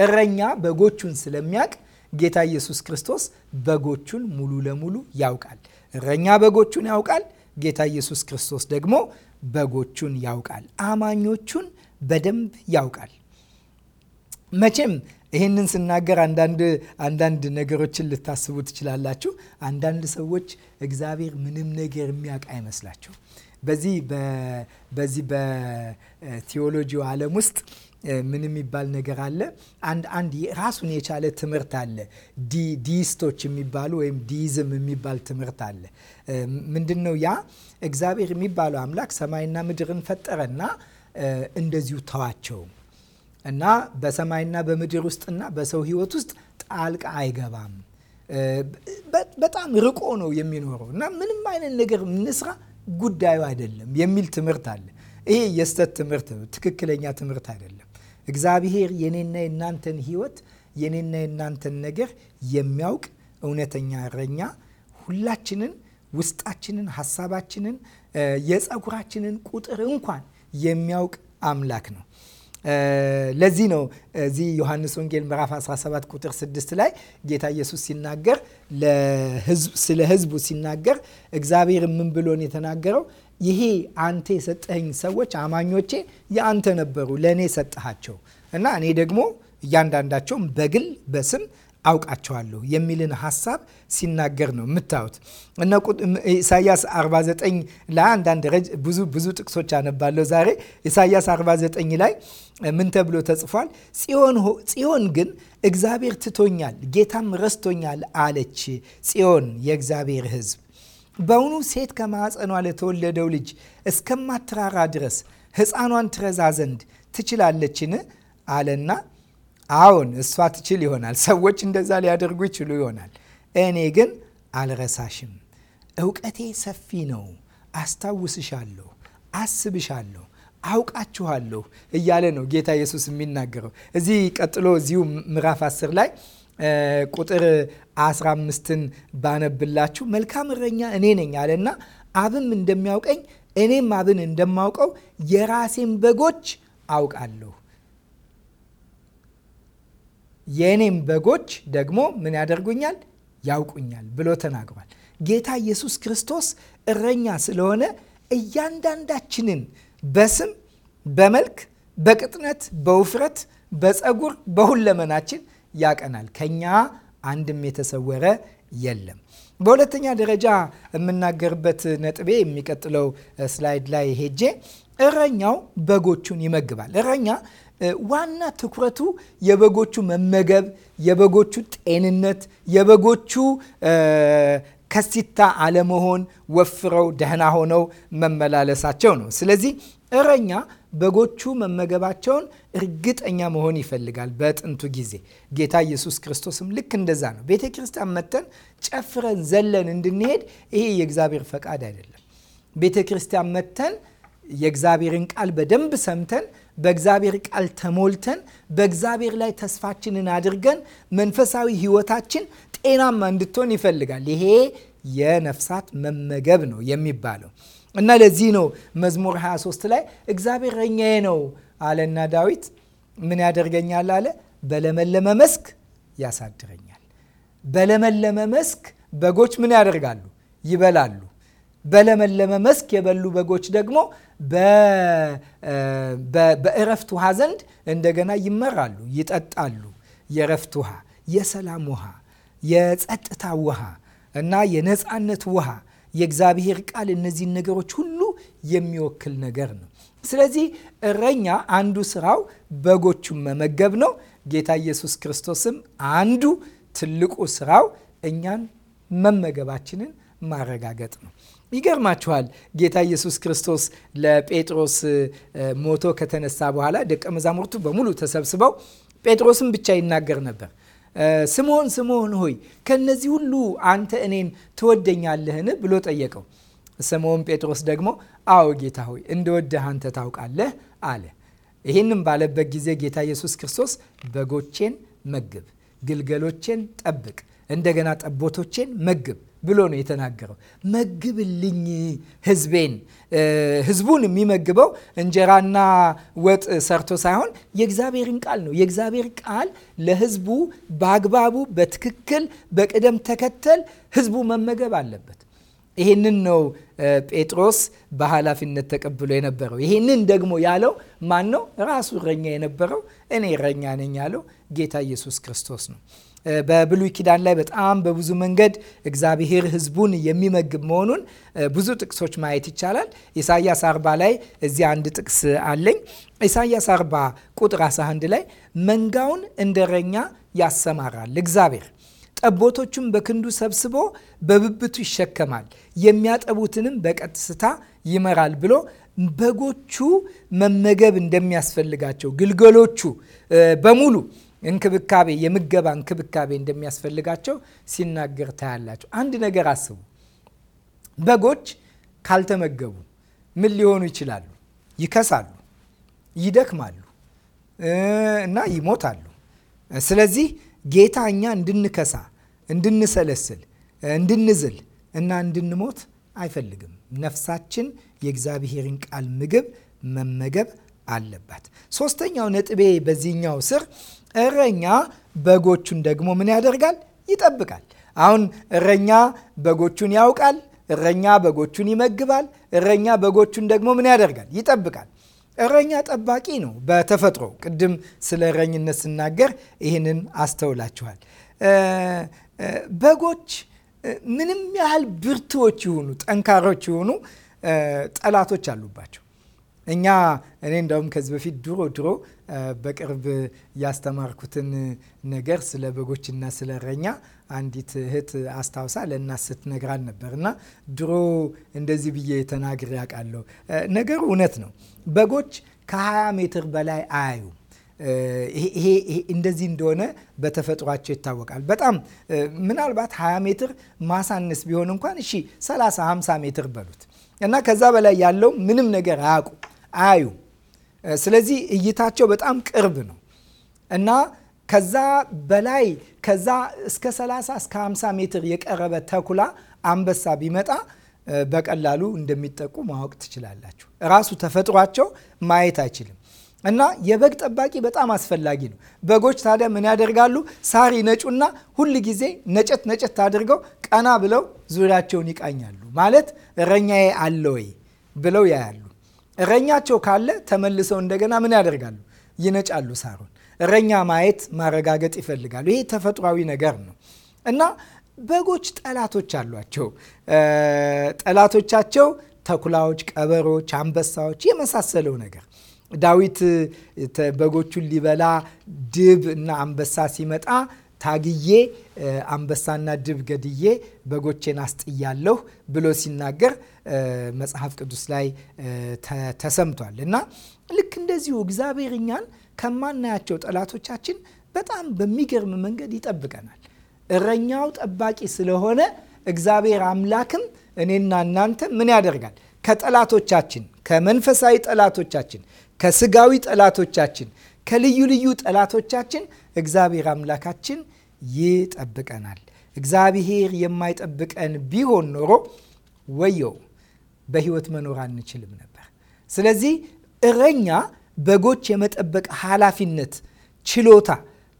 Speaker 1: እረኛ በጎቹን ስለሚያውቅ ጌታ ኢየሱስ ክርስቶስ በጎቹን ሙሉ ለሙሉ ያውቃል። እረኛ በጎቹን ያውቃል። ጌታ ኢየሱስ ክርስቶስ ደግሞ በጎቹን ያውቃል። አማኞቹን በደንብ ያውቃል። መቼም ይህንን ስናገር አንዳንድ አንዳንድ ነገሮችን ልታስቡ ትችላላችሁ። አንዳንድ ሰዎች እግዚአብሔር ምንም ነገር የሚያውቅ አይመስላችሁ። በዚህ በዚህ በቴዎሎጂው ዓለም ውስጥ ምን የሚባል ነገር አለ? አንድ አንድ ራሱን የቻለ ትምህርት አለ። ዲስቶች የሚባሉ ወይም ዲይዝም የሚባል ትምህርት አለ። ምንድን ነው ያ? እግዚአብሔር የሚባለው አምላክ ሰማይና ምድርን ፈጠረና እንደዚሁ ተዋቸውም እና በሰማይና በምድር ውስጥና በሰው ህይወት ውስጥ ጣልቃ አይገባም። በጣም ርቆ ነው የሚኖረው እና ምንም አይነት ነገር ምንስራ ጉዳዩ አይደለም የሚል ትምህርት አለ። ይሄ የስተት ትምህርት ነው፣ ትክክለኛ ትምህርት አይደለም። እግዚአብሔር የኔና የናንተን ህይወት የኔና የናንተን ነገር የሚያውቅ እውነተኛ እረኛ ሁላችንን ውስጣችንን፣ ሀሳባችንን፣ የፀጉራችንን ቁጥር እንኳን የሚያውቅ አምላክ ነው። ለዚህ ነው እዚህ ዮሐንስ ወንጌል ምዕራፍ 17 ቁጥር 6 ላይ ጌታ ኢየሱስ ሲናገር ስለ ሕዝቡ ሲናገር እግዚአብሔር ምን ብሎን የተናገረው ይሄ አንተ የሰጠኝ ሰዎች አማኞቼ የአንተ ነበሩ፣ ለእኔ ሰጠሃቸው እና እኔ ደግሞ እያንዳንዳቸውም በግል በስም አውቃቸዋለሁ የሚልን ሀሳብ ሲናገር ነው የምታዩት። እና ኢሳያስ 49 ላይ አንዳንድ ብዙ ብዙ ጥቅሶች አነባለሁ ዛሬ። ኢሳያስ 49 ላይ ምን ተብሎ ተጽፏል? ጽዮን ግን እግዚአብሔር ትቶኛል፣ ጌታም ረስቶኛል አለች። ጽዮን የእግዚአብሔር ሕዝብ በውኑ ሴት ከማዕፀኗ ለተወለደው ልጅ እስከማትራራ ድረስ ሕፃኗን ትረዛ ዘንድ ትችላለችን? አለና አሁን እሷ ትችል ይሆናል። ሰዎች እንደዛ ሊያደርጉ ይችሉ ይሆናል። እኔ ግን አልረሳሽም። እውቀቴ ሰፊ ነው። አስታውስሻለሁ፣ አስብሻለሁ፣ አውቃችኋለሁ እያለ ነው ጌታ ኢየሱስ የሚናገረው። እዚህ ቀጥሎ እዚሁ ምዕራፍ 10 ላይ ቁጥር 15ን ባነብላችሁ መልካም እረኛ እኔ ነኝ አለና አብም እንደሚያውቀኝ እኔም አብን እንደማውቀው የራሴን በጎች አውቃለሁ የእኔም በጎች ደግሞ ምን ያደርጉኛል? ያውቁኛል ብሎ ተናግሯል። ጌታ ኢየሱስ ክርስቶስ እረኛ ስለሆነ እያንዳንዳችንን በስም፣ በመልክ፣ በቅጥነት፣ በውፍረት፣ በፀጉር፣ በሁለመናችን ያቀናል። ከኛ አንድም የተሰወረ የለም። በሁለተኛ ደረጃ የምናገርበት ነጥቤ የሚቀጥለው ስላይድ ላይ ሄጄ እረኛው በጎቹን ይመግባል። እረኛ ዋና ትኩረቱ የበጎቹ መመገብ፣ የበጎቹ ጤንነት፣ የበጎቹ ከሲታ አለመሆን፣ ወፍረው ደህና ሆነው መመላለሳቸው ነው። ስለዚህ እረኛ በጎቹ መመገባቸውን እርግጠኛ መሆን ይፈልጋል። በጥንቱ ጊዜ ጌታ ኢየሱስ ክርስቶስም ልክ እንደዛ ነው። ቤተ ክርስቲያን መጥተን ጨፍረን ዘለን እንድንሄድ ይሄ የእግዚአብሔር ፈቃድ አይደለም። ቤተ ክርስቲያን መጥተን የእግዚአብሔርን ቃል በደንብ ሰምተን በእግዚአብሔር ቃል ተሞልተን በእግዚአብሔር ላይ ተስፋችንን አድርገን መንፈሳዊ ሕይወታችን ጤናማ እንድትሆን ይፈልጋል። ይሄ የነፍሳት መመገብ ነው የሚባለው እና ለዚህ ነው መዝሙር 23 ላይ እግዚአብሔር እረኛዬ ነው አለና ዳዊት ምን ያደርገኛል አለ? በለመለመ መስክ ያሳድረኛል። በለመለመ መስክ በጎች ምን ያደርጋሉ? ይበላሉ በለመለመ መስክ የበሉ በጎች ደግሞ በእረፍት ውሃ ዘንድ እንደገና ይመራሉ፣ ይጠጣሉ። የእረፍት ውሃ፣ የሰላም ውሃ፣ የጸጥታ ውሃ እና የነፃነት ውሃ የእግዚአብሔር ቃል እነዚህን ነገሮች ሁሉ የሚወክል ነገር ነው። ስለዚህ እረኛ አንዱ ስራው በጎቹን መመገብ ነው። ጌታ ኢየሱስ ክርስቶስም አንዱ ትልቁ ስራው እኛን መመገባችንን ማረጋገጥ ነው። ይገርማችኋል። ጌታ ኢየሱስ ክርስቶስ ለጴጥሮስ ሞቶ ከተነሳ በኋላ ደቀ መዛሙርቱ በሙሉ ተሰብስበው ጴጥሮስን ብቻ ይናገር ነበር። ስምዖን ስምዖን ሆይ ከነዚህ ሁሉ አንተ እኔን ትወደኛለህን? ብሎ ጠየቀው። ስምዖን ጴጥሮስ ደግሞ አዎ ጌታ ሆይ እንደወደህ አንተ ታውቃለህ አለ። ይህንም ባለበት ጊዜ ጌታ ኢየሱስ ክርስቶስ በጎቼን መግብ፣ ግልገሎቼን ጠብቅ፣ እንደገና ጠቦቶቼን መግብ ብሎ ነው የተናገረው። መግብልኝ ህዝቤን። ህዝቡን የሚመግበው እንጀራና ወጥ ሰርቶ ሳይሆን የእግዚአብሔርን ቃል ነው። የእግዚአብሔር ቃል ለህዝቡ በአግባቡ በትክክል በቅደም ተከተል ህዝቡ መመገብ አለበት። ይህንን ነው ጴጥሮስ በኃላፊነት ተቀብሎ የነበረው። ይህንን ደግሞ ያለው ማን ነው? ራሱ እረኛ የነበረው እኔ እረኛ ነኝ ያለው ጌታ ኢየሱስ ክርስቶስ ነው። በብሉይ ኪዳን ላይ በጣም በብዙ መንገድ እግዚአብሔር ሕዝቡን የሚመግብ መሆኑን ብዙ ጥቅሶች ማየት ይቻላል። ኢሳያስ አርባ ላይ እዚህ አንድ ጥቅስ አለኝ። ኢሳያስ አርባ ቁጥር 11 ላይ መንጋውን እንደ እረኛ ያሰማራል እግዚአብሔር ጠቦቶቹም በክንዱ ሰብስቦ በብብቱ ይሸከማል፣ የሚያጠቡትንም በቀስታ ይመራል ብሎ በጎቹ መመገብ እንደሚያስፈልጋቸው ግልገሎቹ በሙሉ እንክብካቤ የምገባ እንክብካቤ እንደሚያስፈልጋቸው ሲናገር ታያላቸው። አንድ ነገር አስቡ። በጎች ካልተመገቡ ምን ሊሆኑ ይችላሉ? ይከሳሉ፣ ይደክማሉ እና ይሞታሉ። ስለዚህ ጌታ እኛ እንድንከሳ፣ እንድንሰለስል፣ እንድንዝል እና እንድንሞት አይፈልግም። ነፍሳችን የእግዚአብሔርን ቃል ምግብ መመገብ አለባት። ሶስተኛው ነጥቤ በዚህኛው ስር እረኛ በጎቹን ደግሞ ምን ያደርጋል? ይጠብቃል። አሁን እረኛ በጎቹን ያውቃል። እረኛ በጎቹን ይመግባል። እረኛ በጎቹን ደግሞ ምን ያደርጋል? ይጠብቃል። እረኛ ጠባቂ ነው በተፈጥሮ። ቅድም ስለ እረኝነት ስናገር ይህንን አስተውላችኋል። በጎች ምንም ያህል ብርቱዎች ይሁኑ ጠንካሮች ይሁኑ ጠላቶች አሉባቸው። እኛ እኔ እንደውም ከዚህ በፊት ድሮ ድሮ በቅርብ ያስተማርኩትን ነገር ስለ በጎችና ስለ እረኛ አንዲት እህት አስታውሳ ለእናት ስትነግራን ነበር እና ድሮ እንደዚህ ብዬ ተናግሬ አውቃለሁ። ነገሩ እውነት ነው። በጎች ከ20 ሜትር በላይ አያዩም። ይሄ እንደዚህ እንደሆነ በተፈጥሯቸው ይታወቃል። በጣም ምናልባት 20 ሜትር ማሳነስ ቢሆን እንኳን እሺ 30 50 ሜትር በሉት እና ከዛ በላይ ያለው ምንም ነገር አያውቁ አዩ። ስለዚህ እይታቸው በጣም ቅርብ ነው እና ከዛ በላይ ከዛ እስከ 30 እስከ 50 ሜትር የቀረበ ተኩላ አንበሳ ቢመጣ በቀላሉ እንደሚጠቁ ማወቅ ትችላላችሁ። ራሱ ተፈጥሯቸው ማየት አይችልም። እና የበግ ጠባቂ በጣም አስፈላጊ ነው። በጎች ታዲያ ምን ያደርጋሉ? ሳር ይነጩና ሁል ጊዜ ነጨት ነጨት አድርገው ቀና ብለው ዙሪያቸውን ይቃኛሉ። ማለት እረኛዬ አለ ወይ ብለው ያያሉ። እረኛቸው ካለ ተመልሰው እንደገና ምን ያደርጋሉ? ይነጫሉ ሳሩን። እረኛ ማየት ማረጋገጥ ይፈልጋሉ። ይሄ ተፈጥሯዊ ነገር ነው እና በጎች ጠላቶች አሏቸው። ጠላቶቻቸው ተኩላዎች፣ ቀበሮች፣ አንበሳዎች የመሳሰለው ነገር ዳዊት በጎቹን ሊበላ ድብ እና አንበሳ ሲመጣ ታግዬ አንበሳና ድብ ገድዬ በጎቼን አስጥያለሁ ብሎ ሲናገር መጽሐፍ ቅዱስ ላይ ተሰምቷል እና ልክ እንደዚሁ እግዚአብሔር እኛን ከማናያቸው ጠላቶቻችን በጣም በሚገርም መንገድ ይጠብቀናል። እረኛው ጠባቂ ስለሆነ እግዚአብሔር አምላክም እኔና እናንተ ምን ያደርጋል? ከጠላቶቻችን ከመንፈሳዊ ጠላቶቻችን ከስጋዊ ጠላቶቻችን፣ ከልዩ ልዩ ጠላቶቻችን እግዚአብሔር አምላካችን ይጠብቀናል። እግዚአብሔር የማይጠብቀን ቢሆን ኖሮ ወየው በህይወት መኖር አንችልም ነበር። ስለዚህ እረኛ በጎች የመጠበቅ ኃላፊነት፣ ችሎታ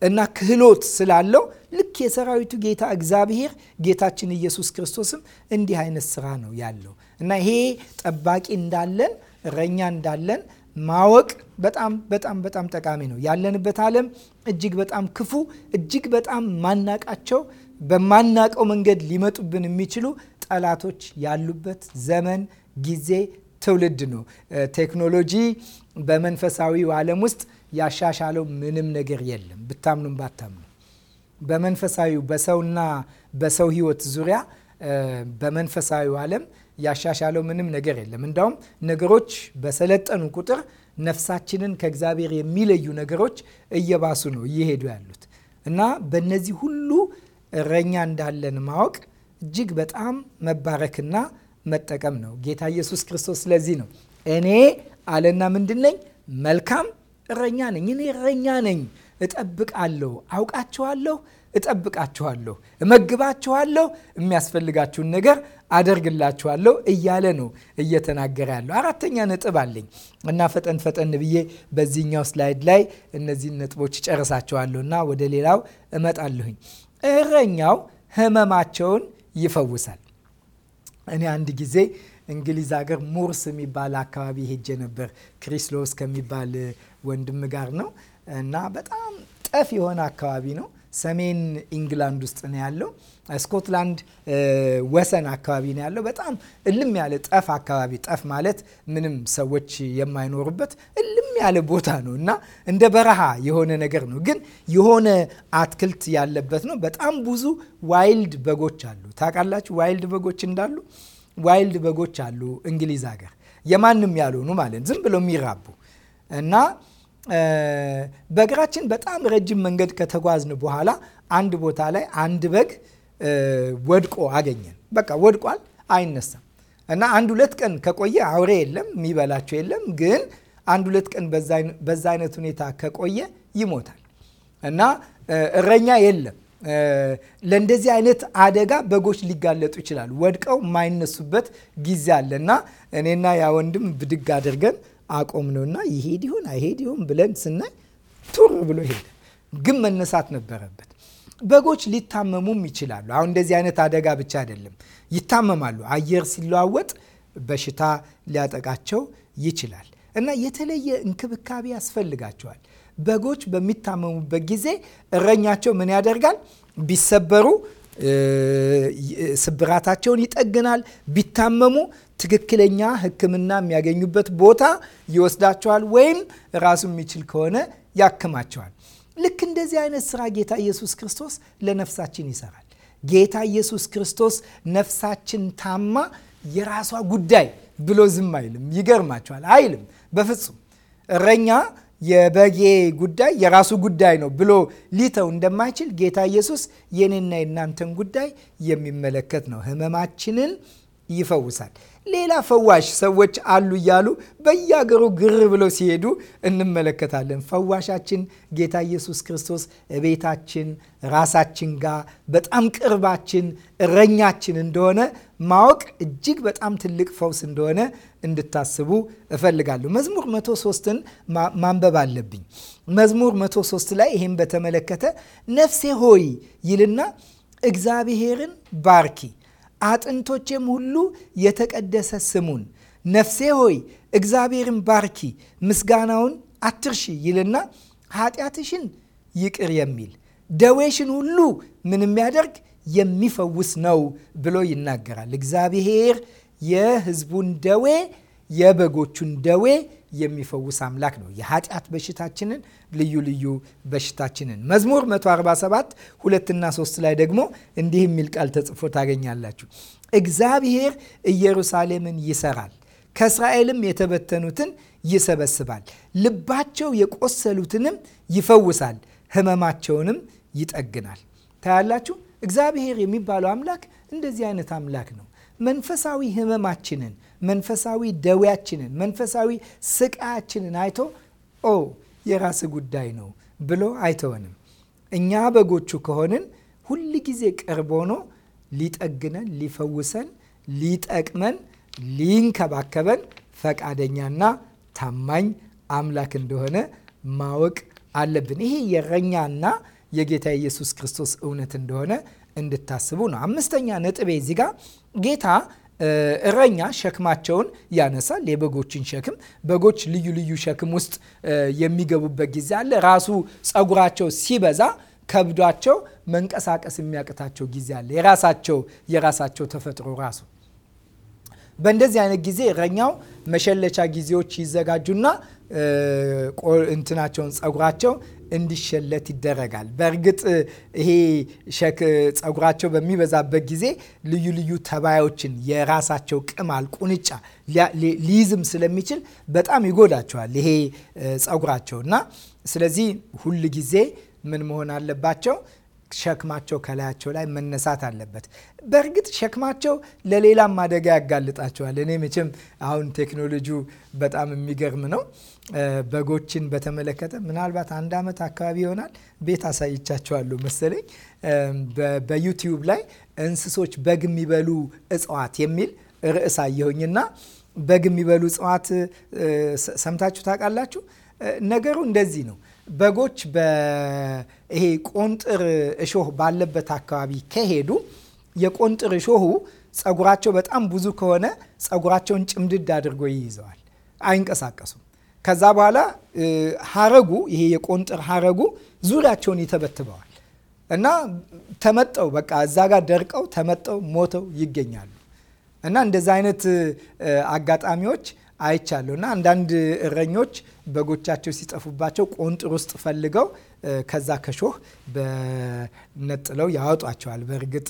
Speaker 1: እና ክህሎት ስላለው ልክ የሰራዊቱ ጌታ እግዚአብሔር ጌታችን ኢየሱስ ክርስቶስም እንዲህ አይነት ስራ ነው ያለው እና ይሄ ጠባቂ እንዳለን እረኛ እንዳለን ማወቅ በጣም በጣም በጣም ጠቃሚ ነው። ያለንበት ዓለም እጅግ በጣም ክፉ፣ እጅግ በጣም ማናቃቸው በማናቀው መንገድ ሊመጡብን የሚችሉ ጠላቶች ያሉበት ዘመን፣ ጊዜ፣ ትውልድ ነው። ቴክኖሎጂ በመንፈሳዊው ዓለም ውስጥ ያሻሻለው ምንም ነገር የለም። ብታምኑም ባታምኑ በመንፈሳዊው በሰውና በሰው ሕይወት ዙሪያ በመንፈሳዊው ዓለም ያሻሻለው ምንም ነገር የለም። እንዳውም ነገሮች በሰለጠኑ ቁጥር ነፍሳችንን ከእግዚአብሔር የሚለዩ ነገሮች እየባሱ ነው እየሄዱ ያሉት እና በእነዚህ ሁሉ እረኛ እንዳለን ማወቅ እጅግ በጣም መባረክና መጠቀም ነው። ጌታ ኢየሱስ ክርስቶስ ስለዚህ ነው እኔ አለና ምንድነኝ መልካም እረኛ ነኝ። እኔ እረኛ ነኝ እጠብቃለሁ፣ አውቃችኋለሁ፣ እጠብቃችኋለሁ፣ እመግባችኋለሁ፣ የሚያስፈልጋችሁን ነገር አደርግላችኋለሁ እያለ ነው እየተናገረ ያለው። አራተኛ ነጥብ አለኝ እና ፈጠን ፈጠን ብዬ በዚህኛው ስላይድ ላይ እነዚህን ነጥቦች ጨርሳቸዋለሁ እና ወደ ሌላው እመጣለሁኝ። እረኛው ህመማቸውን ይፈውሳል። እኔ አንድ ጊዜ እንግሊዝ ሀገር ሙርስ የሚባል አካባቢ ሄጄ ነበር። ክሪስሎስ ከሚባል ወንድም ጋር ነው እና በጣም ጠፍ የሆነ አካባቢ ነው። ሰሜን ኢንግላንድ ውስጥ ነው ያለው። ስኮትላንድ ወሰን አካባቢ ነው ያለው። በጣም እልም ያለ ጠፍ አካባቢ፣ ጠፍ ማለት ምንም ሰዎች የማይኖሩበት እልም ያለ ቦታ ነው እና እንደ በረሃ የሆነ ነገር ነው፣ ግን የሆነ አትክልት ያለበት ነው። በጣም ብዙ ዋይልድ በጎች አሉ። ታውቃላችሁ ዋይልድ በጎች እንዳሉ? ዋይልድ በጎች አሉ እንግሊዝ ሀገር የማንም ያልሆኑ ማለት ዝም ብለው የሚራቡ እና በእግራችን በጣም ረጅም መንገድ ከተጓዝን በኋላ አንድ ቦታ ላይ አንድ በግ ወድቆ አገኘን። በቃ ወድቋል፣ አይነሳም እና አንድ ሁለት ቀን ከቆየ አውሬ የለም፣ የሚበላቸው የለም። ግን አንድ ሁለት ቀን በዛ አይነት ሁኔታ ከቆየ ይሞታል እና እረኛ የለም። ለእንደዚህ አይነት አደጋ በጎች ሊጋለጡ ይችላሉ። ወድቀው የማይነሱበት ጊዜ አለ እና እኔና ያ ወንድም ብድግ አድርገን አቆም ነውና ይሄድ ይሁን አይሄድ ይሁን ብለን ስናይ ቱር ብሎ ሄደ። ግን መነሳት ነበረበት። በጎች ሊታመሙም ይችላሉ። አሁን እንደዚህ አይነት አደጋ ብቻ አይደለም፣ ይታመማሉ። አየር ሲለዋወጥ በሽታ ሊያጠቃቸው ይችላል እና የተለየ እንክብካቤ ያስፈልጋቸዋል። በጎች በሚታመሙበት ጊዜ እረኛቸው ምን ያደርጋል? ቢሰበሩ ስብራታቸውን ይጠግናል። ቢታመሙ ትክክለኛ ሕክምና የሚያገኙበት ቦታ ይወስዳቸዋል፣ ወይም ራሱ የሚችል ከሆነ ያክማቸዋል። ልክ እንደዚህ አይነት ስራ ጌታ ኢየሱስ ክርስቶስ ለነፍሳችን ይሰራል። ጌታ ኢየሱስ ክርስቶስ ነፍሳችን ታማ የራሷ ጉዳይ ብሎ ዝም አይልም። ይገርማቸዋል አይልም በፍጹም እረኛ የበጌ ጉዳይ የራሱ ጉዳይ ነው ብሎ ሊተው እንደማይችል ጌታ ኢየሱስ የኔና የእናንተን ጉዳይ የሚመለከት ነው። ህመማችንን ይፈውሳል። ሌላ ፈዋሽ ሰዎች አሉ እያሉ በየአገሩ ግር ብለው ሲሄዱ እንመለከታለን። ፈዋሻችን ጌታ ኢየሱስ ክርስቶስ ቤታችን ራሳችን ጋር በጣም ቅርባችን እረኛችን እንደሆነ ማወቅ እጅግ በጣም ትልቅ ፈውስ እንደሆነ እንድታስቡ እፈልጋለሁ። መዝሙር 103ን ማንበብ አለብኝ። መዝሙር 103 ላይ ይህም በተመለከተ ነፍሴ ሆይ ይልና እግዚአብሔርን ባርኪ አጥንቶቼም ሁሉ የተቀደሰ ስሙን ነፍሴ ሆይ እግዚአብሔርን ባርኪ፣ ምስጋናውን አትርሺ ይልና ኃጢአትሽን ይቅር የሚል ደዌሽን ሁሉ ምን የሚያደርግ የሚፈውስ ነው ብሎ ይናገራል። እግዚአብሔር የሕዝቡን ደዌ የበጎቹን ደዌ የሚፈውስ አምላክ ነው። የኃጢአት በሽታችንን ልዩ ልዩ በሽታችንን መዝሙር 147 ሁለትና 3 ላይ ደግሞ እንዲህ የሚል ቃል ተጽፎ ታገኛላችሁ። እግዚአብሔር ኢየሩሳሌምን ይሰራል፣ ከእስራኤልም የተበተኑትን ይሰበስባል፣ ልባቸው የቆሰሉትንም ይፈውሳል፣ ህመማቸውንም ይጠግናል። ታያላችሁ፣ እግዚአብሔር የሚባለው አምላክ እንደዚህ አይነት አምላክ ነው። መንፈሳዊ ህመማችንን። መንፈሳዊ ደዌያችንን፣ መንፈሳዊ ስቃያችንን አይቶ ኦ የራስ ጉዳይ ነው ብሎ አይተወንም። እኛ በጎቹ ከሆንን ሁል ጊዜ ቅርብ ሆኖ ሊጠግነን፣ ሊፈውሰን፣ ሊጠቅመን፣ ሊንከባከበን ፈቃደኛና ታማኝ አምላክ እንደሆነ ማወቅ አለብን። ይሄ የእረኛና የጌታ ኢየሱስ ክርስቶስ እውነት እንደሆነ እንድታስቡ ነው። አምስተኛ ነጥቤ እዚህ ጋር ጌታ እረኛ ሸክማቸውን ያነሳል፣ የበጎችን ሸክም። በጎች ልዩ ልዩ ሸክም ውስጥ የሚገቡበት ጊዜ አለ። ራሱ ፀጉራቸው ሲበዛ ከብዷቸው መንቀሳቀስ የሚያቅታቸው ጊዜ አለ። የራሳቸው የራሳቸው ተፈጥሮ ራሱ በእንደዚህ አይነት ጊዜ እረኛው መሸለቻ ጊዜዎች ይዘጋጁና እንትናቸውን ጸጉራቸው እንዲሸለት ይደረጋል። በእርግጥ ይሄ ሸክ ጸጉራቸው በሚበዛበት ጊዜ ልዩ ልዩ ተባዮችን የራሳቸው ቅማል፣ ቁንጫ ሊይዝም ስለሚችል በጣም ይጎዳቸዋል ይሄ ጸጉራቸው እና ስለዚህ ሁል ጊዜ ምን መሆን አለባቸው? ሸክማቸው ከላያቸው ላይ መነሳት አለበት። በእርግጥ ሸክማቸው ለሌላም አደጋ ያጋልጣቸዋል። እኔ መቼም አሁን ቴክኖሎጂው በጣም የሚገርም ነው። በጎችን በተመለከተ ምናልባት አንድ ዓመት አካባቢ ይሆናል ቤት አሳይቻቸዋለሁ መሰለኝ በዩቲዩብ ላይ እንስሶች በግ የሚበሉ እጽዋት የሚል ርዕስ አየሁኝና በግ የሚበሉ እጽዋት ሰምታችሁ ታውቃላችሁ? ነገሩ እንደዚህ ነው። በጎች በይሄ ቆንጥር እሾህ ባለበት አካባቢ ከሄዱ የቆንጥር እሾሁ ጸጉራቸው በጣም ብዙ ከሆነ ጸጉራቸውን ጭምድድ አድርጎ ይይዘዋል። አይንቀሳቀሱም። ከዛ በኋላ ሀረጉ ይሄ የቆንጥር ሀረጉ ዙሪያቸውን ይተበትበዋል እና ተመጠው በቃ እዛ ጋር ደርቀው ተመጠው ሞተው ይገኛሉ እና እንደዚ አይነት አጋጣሚዎች አይቻለሁ እና አንዳንድ እረኞች በጎቻቸው ሲጠፉባቸው ቆንጥር ውስጥ ፈልገው ከዛ ከሾህ በነጥለው ያወጧቸዋል። በእርግጥ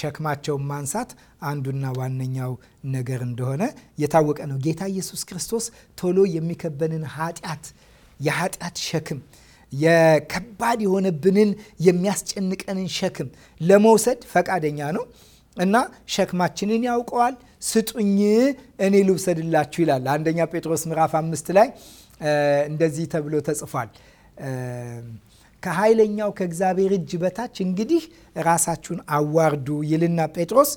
Speaker 1: ሸክማቸውን ማንሳት አንዱና ዋነኛው ነገር እንደሆነ የታወቀ ነው። ጌታ ኢየሱስ ክርስቶስ ቶሎ የሚከበንን ኃጢአት የኃጢአት ሸክም የከባድ የሆነብንን የሚያስጨንቀንን ሸክም ለመውሰድ ፈቃደኛ ነው። እና ሸክማችንን ያውቀዋል። ስጡኝ እኔ ልውሰድላችሁ ይላል። አንደኛ ጴጥሮስ ምዕራፍ አምስት ላይ እንደዚህ ተብሎ ተጽፏል። ከኃይለኛው ከእግዚአብሔር እጅ በታች እንግዲህ ራሳችሁን አዋርዱ ይልና ጴጥሮስ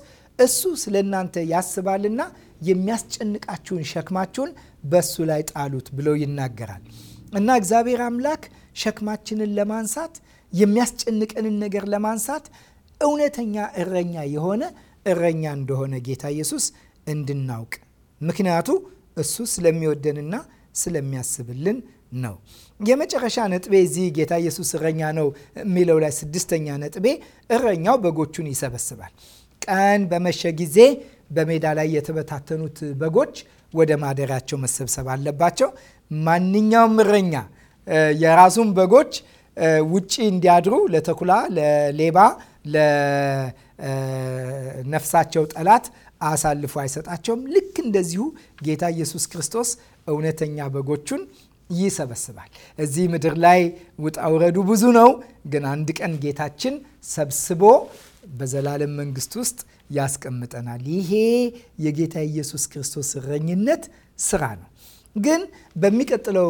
Speaker 1: እሱ ስለ እናንተ ያስባልና የሚያስጨንቃችሁን ሸክማችሁን በሱ ላይ ጣሉት ብሎ ይናገራል እና እግዚአብሔር አምላክ ሸክማችንን ለማንሳት የሚያስጨንቀንን ነገር ለማንሳት እውነተኛ እረኛ የሆነ እረኛ እንደሆነ ጌታ ኢየሱስ እንድናውቅ ምክንያቱ እሱ ስለሚወደንና ስለሚያስብልን ነው። የመጨረሻ ነጥቤ እዚህ ጌታ ኢየሱስ እረኛ ነው የሚለው ላይ ስድስተኛ ነጥቤ እረኛው በጎቹን ይሰበስባል። ቀን በመሸ ጊዜ በሜዳ ላይ የተበታተኑት በጎች ወደ ማደሪያቸው መሰብሰብ አለባቸው። ማንኛውም እረኛ የራሱን በጎች ውጪ እንዲያድሩ ለተኩላ፣ ለሌባ ለነፍሳቸው ጠላት አሳልፎ አይሰጣቸውም። ልክ እንደዚሁ ጌታ ኢየሱስ ክርስቶስ እውነተኛ በጎቹን ይሰበስባል። እዚህ ምድር ላይ ውጣ ውረዱ ብዙ ነው፣ ግን አንድ ቀን ጌታችን ሰብስቦ በዘላለም መንግስት ውስጥ ያስቀምጠናል። ይሄ የጌታ ኢየሱስ ክርስቶስ እረኝነት ስራ ነው። ግን በሚቀጥለው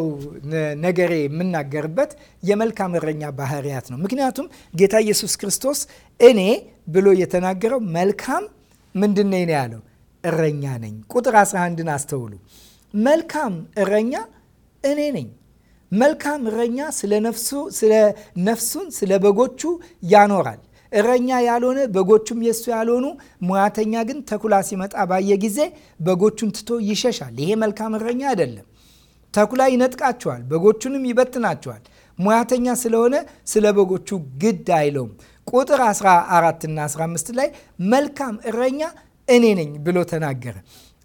Speaker 1: ነገሬ የምናገርበት የመልካም እረኛ ባህርያት ነው። ምክንያቱም ጌታ ኢየሱስ ክርስቶስ እኔ ብሎ የተናገረው መልካም ምንድን ነው ያለው? እረኛ ነኝ። ቁጥር 11ን አስተውሉ። መልካም እረኛ እኔ ነኝ። መልካም እረኛ ስለ ነፍሱን ስለ በጎቹ ያኖራል። እረኛ ያልሆነ በጎቹም የሱ ያልሆኑ ሙያተኛ ግን ተኩላ ሲመጣ ባየ ጊዜ በጎቹን ትቶ ይሸሻል። ይሄ መልካም እረኛ አይደለም። ተኩላ ይነጥቃቸዋል፣ በጎቹንም ይበትናቸዋል። ሙያተኛ ስለሆነ ስለ በጎቹ ግድ አይለውም። ቁጥር 14 እና 15 ላይ መልካም እረኛ እኔ ነኝ ብሎ ተናገረ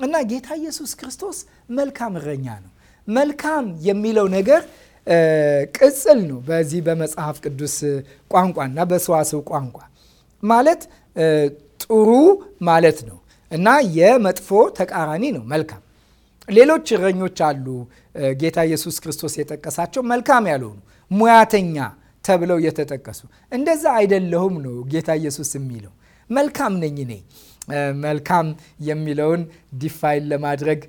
Speaker 1: እና ጌታ ኢየሱስ ክርስቶስ መልካም እረኛ ነው። መልካም የሚለው ነገር ቅጽል ነው በዚህ በመጽሐፍ ቅዱስ ቋንቋና በሰዋስው ቋንቋ ማለት ጥሩ ማለት ነው እና የመጥፎ ተቃራኒ ነው መልካም። ሌሎች እረኞች አሉ ጌታ ኢየሱስ ክርስቶስ የጠቀሳቸው መልካም ያልሆኑ ሙያተኛ ተብለው የተጠቀሱ። እንደዛ አይደለሁም ነው ጌታ ኢየሱስ የሚለው መልካም ነኝ ነኝ መልካም የሚለውን ዲፋይን ለማድረግ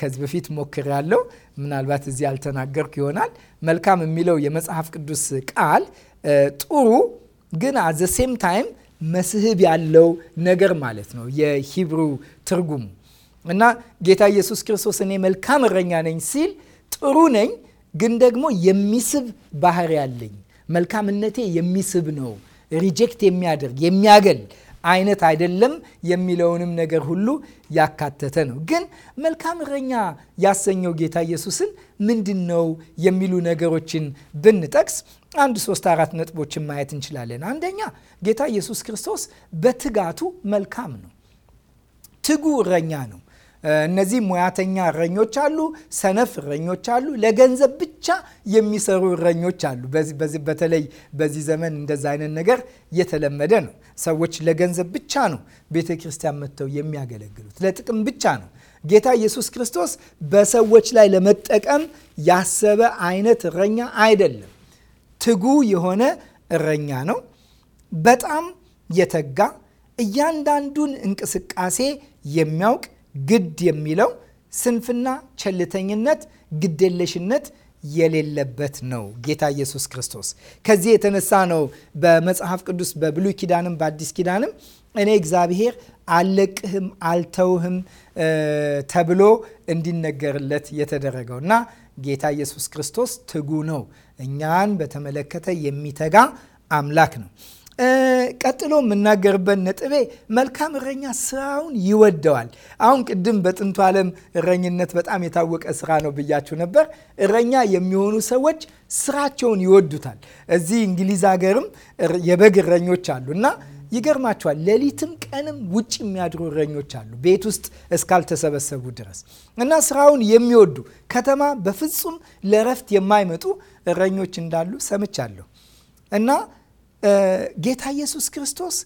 Speaker 1: ከዚህ በፊት ሞክር ያለው ምናልባት እዚህ ያልተናገርኩ ይሆናል። መልካም የሚለው የመጽሐፍ ቅዱስ ቃል ጥሩ ግን አዘ ሴም ታይም መስህብ ያለው ነገር ማለት ነው የሂብሩ ትርጉሙ እና ጌታ ኢየሱስ ክርስቶስ እኔ መልካም እረኛ ነኝ ሲል ጥሩ ነኝ ግን ደግሞ የሚስብ ባህሪ ያለኝ መልካምነቴ የሚስብ ነው ሪጀክት የሚያደርግ የሚያገል አይነት አይደለም የሚለውንም ነገር ሁሉ ያካተተ ነው። ግን መልካም እረኛ ያሰኘው ጌታ ኢየሱስን ምንድን ነው የሚሉ ነገሮችን ብንጠቅስ አንድ ሶስት አራት ነጥቦችን ማየት እንችላለን። አንደኛ ጌታ ኢየሱስ ክርስቶስ በትጋቱ መልካም ነው። ትጉ እረኛ ነው። እነዚህ ሙያተኛ እረኞች አሉ፣ ሰነፍ እረኞች አሉ፣ ለገንዘብ ብቻ የሚሰሩ እረኞች አሉ። በተለይ በዚህ ዘመን እንደዛ አይነት ነገር የተለመደ ነው። ሰዎች ለገንዘብ ብቻ ነው ቤተ ክርስቲያን መጥተው የሚያገለግሉት፣ ለጥቅም ብቻ ነው። ጌታ ኢየሱስ ክርስቶስ በሰዎች ላይ ለመጠቀም ያሰበ አይነት እረኛ አይደለም። ትጉ የሆነ እረኛ ነው። በጣም የተጋ እያንዳንዱን እንቅስቃሴ የሚያውቅ ግድ የሚለው ስንፍና፣ ቸልተኝነት፣ ግዴለሽነት የሌለበት ነው ጌታ ኢየሱስ ክርስቶስ። ከዚህ የተነሳ ነው በመጽሐፍ ቅዱስ በብሉይ ኪዳንም በአዲስ ኪዳንም እኔ እግዚአብሔር አልለቅህም አልተውህም ተብሎ እንዲነገርለት የተደረገው እና ጌታ ኢየሱስ ክርስቶስ ትጉ ነው። እኛን በተመለከተ የሚተጋ አምላክ ነው። ቀጥሎ የምናገርበት ነጥቤ መልካም እረኛ ስራውን ይወደዋል። አሁን ቅድም በጥንቱ ዓለም እረኝነት በጣም የታወቀ ስራ ነው ብያችሁ ነበር። እረኛ የሚሆኑ ሰዎች ስራቸውን ይወዱታል። እዚህ እንግሊዝ ሀገርም የበግ እረኞች አሉ እና ይገርማቸዋል። ሌሊትም ቀንም ውጭ የሚያድሩ እረኞች አሉ ቤት ውስጥ እስካልተሰበሰቡ ድረስ እና ስራውን የሚወዱ ከተማ በፍጹም ለረፍት የማይመጡ እረኞች እንዳሉ ሰምቻለሁ እና ጌታ ኢየሱስ ክርስቶስ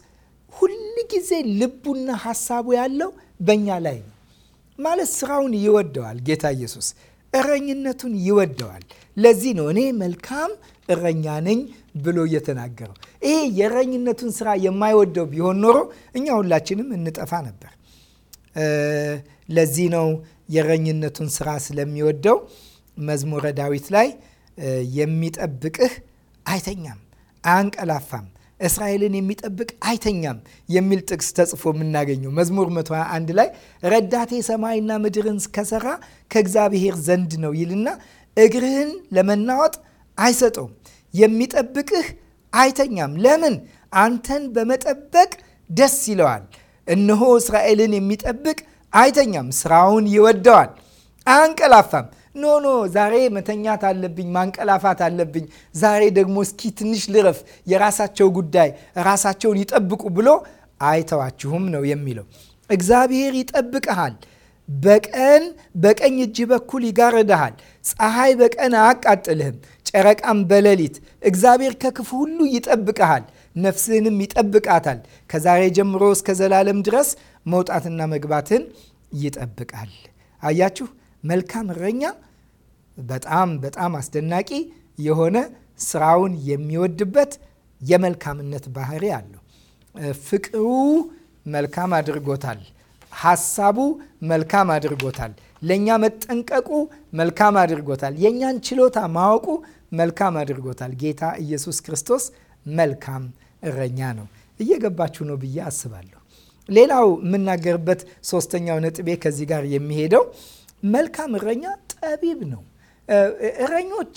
Speaker 1: ሁል ጊዜ ልቡና ሀሳቡ ያለው በእኛ ላይ ነው። ማለት ስራውን ይወደዋል። ጌታ ኢየሱስ እረኝነቱን ይወደዋል። ለዚህ ነው እኔ መልካም እረኛ ነኝ ብሎ እየተናገረው ይሄ የእረኝነቱን ስራ የማይወደው ቢሆን ኖሮ እኛ ሁላችንም እንጠፋ ነበር። ለዚህ ነው የእረኝነቱን ስራ ስለሚወደው መዝሙረ ዳዊት ላይ የሚጠብቅህ አይተኛም አያንቀላፋም፣ እስራኤልን የሚጠብቅ አይተኛም የሚል ጥቅስ ተጽፎ የምናገኘው መዝሙር 121 ላይ ረዳቴ ሰማይና ምድርን ከሰራ ከእግዚአብሔር ዘንድ ነው ይልና እግርህን ለመናወጥ አይሰጠውም፣ የሚጠብቅህ አይተኛም። ለምን? አንተን በመጠበቅ ደስ ይለዋል። እነሆ እስራኤልን የሚጠብቅ አይተኛም፣ ስራውን ይወደዋል፣ አያንቀላፋም። ኖ ኖ ዛሬ መተኛት አለብኝ፣ ማንቀላፋት አለብኝ፣ ዛሬ ደግሞ እስኪ ትንሽ ልረፍ፣ የራሳቸው ጉዳይ ራሳቸውን ይጠብቁ ብሎ አይተዋችሁም ነው የሚለው። እግዚአብሔር ይጠብቅሃል። በቀን በቀኝ እጅ በኩል ይጋርድሃል። ፀሐይ በቀን አያቃጥልህም፣ ጨረቃም በሌሊት። እግዚአብሔር ከክፉ ሁሉ ይጠብቅሃል፣ ነፍስህንም ይጠብቃታል። ከዛሬ ጀምሮ እስከ ዘላለም ድረስ መውጣትና መግባትን ይጠብቃል። አያችሁ መልካም እረኛ በጣም በጣም አስደናቂ የሆነ ስራውን የሚወድበት የመልካምነት ባህሪ አለው። ፍቅሩ መልካም አድርጎታል። ሀሳቡ መልካም አድርጎታል። ለእኛ መጠንቀቁ መልካም አድርጎታል። የእኛን ችሎታ ማወቁ መልካም አድርጎታል። ጌታ ኢየሱስ ክርስቶስ መልካም እረኛ ነው። እየገባችሁ ነው ብዬ አስባለሁ። ሌላው የምናገርበት ሶስተኛው ነጥቤ ከዚህ ጋር የሚሄደው መልካም እረኛ ጠቢብ ነው። እረኞች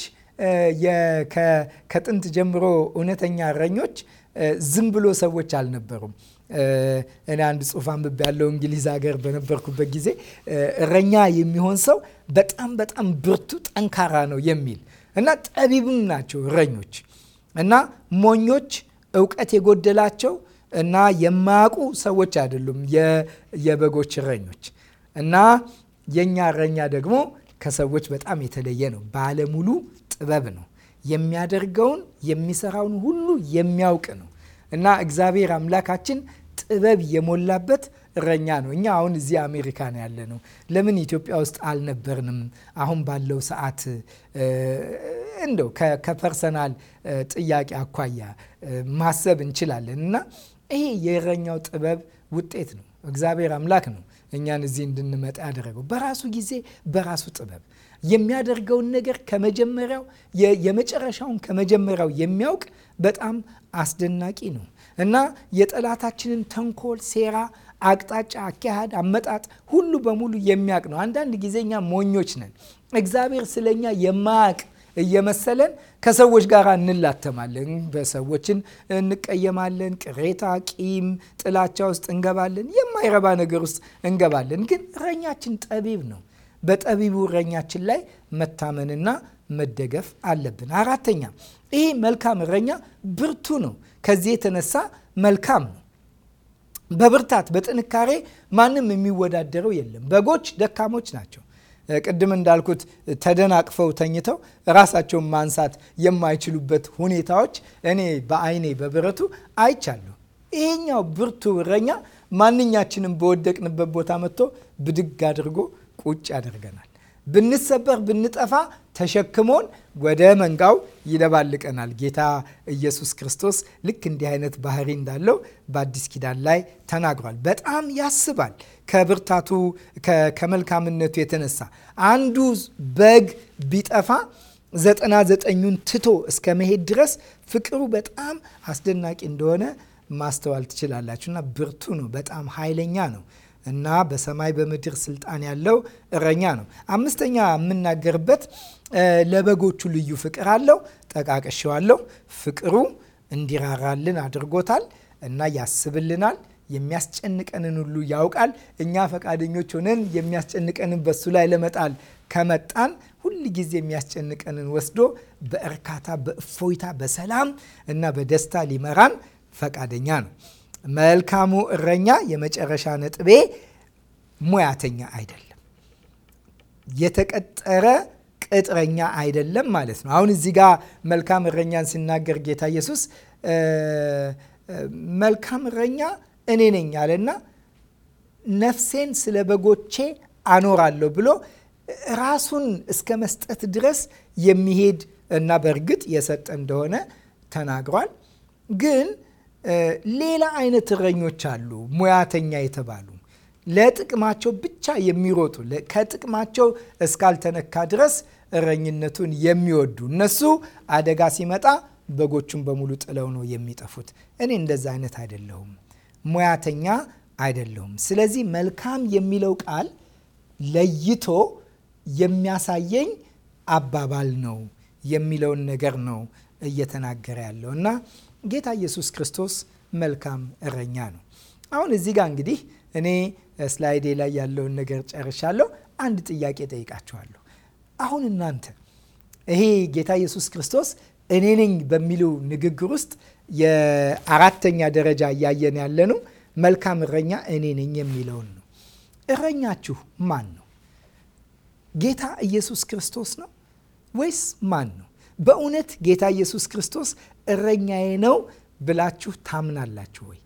Speaker 1: ከጥንት ጀምሮ እውነተኛ እረኞች ዝም ብሎ ሰዎች አልነበሩም። እኔ አንድ ጽሁፍ አንብብ ያለው እንግሊዝ ሀገር በነበርኩበት ጊዜ እረኛ የሚሆን ሰው በጣም በጣም ብርቱ ጠንካራ ነው የሚል እና ጠቢብም ናቸው እረኞች እና ሞኞች እውቀት የጎደላቸው እና የማያውቁ ሰዎች አይደሉም የበጎች እረኞች እና የእኛ እረኛ ደግሞ ከሰዎች በጣም የተለየ ነው። ባለሙሉ ጥበብ ነው። የሚያደርገውን የሚሰራውን ሁሉ የሚያውቅ ነው እና እግዚአብሔር አምላካችን ጥበብ የሞላበት እረኛ ነው። እኛ አሁን እዚህ አሜሪካ ነው ያለ ነው። ለምን ኢትዮጵያ ውስጥ አልነበርንም? አሁን ባለው ሰዓት እንደው ከፐርሰናል ጥያቄ አኳያ ማሰብ እንችላለን እና ይሄ የእረኛው ጥበብ ውጤት ነው። እግዚአብሔር አምላክ ነው እኛን እዚህ እንድንመጣ ያደረገው በራሱ ጊዜ በራሱ ጥበብ የሚያደርገውን ነገር ከመጀመሪያው የመጨረሻውን ከመጀመሪያው የሚያውቅ በጣም አስደናቂ ነው እና የጠላታችንን ተንኮል፣ ሴራ፣ አቅጣጫ፣ አካሄድ፣ አመጣጥ ሁሉ በሙሉ የሚያውቅ ነው። አንዳንድ ጊዜ እኛ ሞኞች ነን። እግዚአብሔር ስለኛ የማያውቅ እየመሰለን ከሰዎች ጋር እንላተማለን። በሰዎችን እንቀየማለን። ቅሬታ፣ ቂም፣ ጥላቻ ውስጥ እንገባለን። የማይረባ ነገር ውስጥ እንገባለን። ግን እረኛችን ጠቢብ ነው። በጠቢቡ እረኛችን ላይ መታመንና መደገፍ አለብን። አራተኛ ይህ መልካም እረኛ ብርቱ ነው። ከዚህ የተነሳ መልካም ነው። በብርታት በጥንካሬ ማንም የሚወዳደረው የለም። በጎች ደካሞች ናቸው። ቅድም እንዳልኩት ተደናቅፈው ተኝተው ራሳቸውን ማንሳት የማይችሉበት ሁኔታዎች እኔ በአይኔ በብረቱ አይቻለሁ። ይሄኛው ብርቱ እረኛ ማንኛችንም በወደቅንበት ቦታ መጥቶ ብድግ አድርጎ ቁጭ ያደርገናል። ብንሰበር ብንጠፋ ተሸክሞን ወደ መንጋው ይደባልቀናል። ጌታ ኢየሱስ ክርስቶስ ልክ እንዲህ አይነት ባህሪ እንዳለው በአዲስ ኪዳን ላይ ተናግሯል። በጣም ያስባል። ከብርታቱ ከመልካምነቱ የተነሳ አንዱ በግ ቢጠፋ ዘጠና ዘጠኙን ትቶ እስከ መሄድ ድረስ ፍቅሩ በጣም አስደናቂ እንደሆነ ማስተዋል ትችላላችሁ። እና ብርቱ ነው። በጣም ኃይለኛ ነው። እና በሰማይ በምድር ስልጣን ያለው እረኛ ነው። አምስተኛ የምናገርበት ለበጎቹ ልዩ ፍቅር አለው። ጠቃቅሼዋለሁ። ፍቅሩ እንዲራራልን አድርጎታል እና ያስብልናል። የሚያስጨንቀንን ሁሉ ያውቃል። እኛ ፈቃደኞች ሆነን የሚያስጨንቀንን በሱ ላይ ለመጣል ከመጣን ሁል ጊዜ የሚያስጨንቀንን ወስዶ በእርካታ፣ በእፎይታ፣ በሰላም እና በደስታ ሊመራን ፈቃደኛ ነው። መልካሙ እረኛ የመጨረሻ ነጥቤ ሙያተኛ አይደለም። የተቀጠረ ቅጥረኛ አይደለም ማለት ነው። አሁን እዚህ ጋር መልካም እረኛን ሲናገር ጌታ ኢየሱስ መልካም እረኛ እኔ ነኝ አለና ነፍሴን ስለ በጎቼ አኖራለሁ ብሎ ራሱን እስከ መስጠት ድረስ የሚሄድ እና በእርግጥ የሰጠ እንደሆነ ተናግሯል ግን ሌላ አይነት እረኞች አሉ፣ ሙያተኛ የተባሉ ለጥቅማቸው ብቻ የሚሮጡ ከጥቅማቸው እስካልተነካ ድረስ እረኝነቱን የሚወዱ እነሱ አደጋ ሲመጣ በጎቹን በሙሉ ጥለው ነው የሚጠፉት። እኔ እንደዛ አይነት አይደለሁም፣ ሙያተኛ አይደለሁም። ስለዚህ መልካም የሚለው ቃል ለይቶ የሚያሳየኝ አባባል ነው የሚለውን ነገር ነው እየተናገረ ያለው እና ጌታ ኢየሱስ ክርስቶስ መልካም እረኛ ነው። አሁን እዚህ ጋር እንግዲህ እኔ ስላይዴ ላይ ያለውን ነገር ጨርሻለሁ። አንድ ጥያቄ ጠይቃችኋለሁ። አሁን እናንተ ይሄ ጌታ ኢየሱስ ክርስቶስ እኔ ነኝ በሚሉ ንግግር ውስጥ የአራተኛ ደረጃ እያየን ያለነው መልካም እረኛ እኔ ነኝ የሚለውን ነው። እረኛችሁ ማን ነው? ጌታ ኢየሱስ ክርስቶስ ነው ወይስ ማን ነው? በእውነት ጌታ ኢየሱስ ክርስቶስ እረኛዬ ነው ብላችሁ ታምናላችሁ ወይ?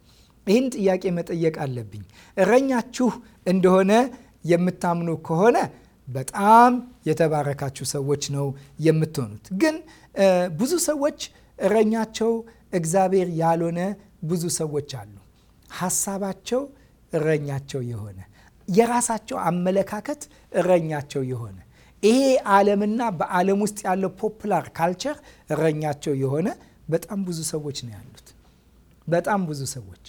Speaker 1: ይህን ጥያቄ መጠየቅ አለብኝ። እረኛችሁ እንደሆነ የምታምኑ ከሆነ በጣም የተባረካችሁ ሰዎች ነው የምትሆኑት። ግን ብዙ ሰዎች እረኛቸው እግዚአብሔር ያልሆነ ብዙ ሰዎች አሉ። ሀሳባቸው እረኛቸው የሆነ የራሳቸው አመለካከት እረኛቸው የሆነ ይሄ ዓለምና በዓለም ውስጥ ያለው ፖፕላር ካልቸር እረኛቸው የሆነ በጣም ብዙ ሰዎች ነው ያሉት። በጣም ብዙ ሰዎች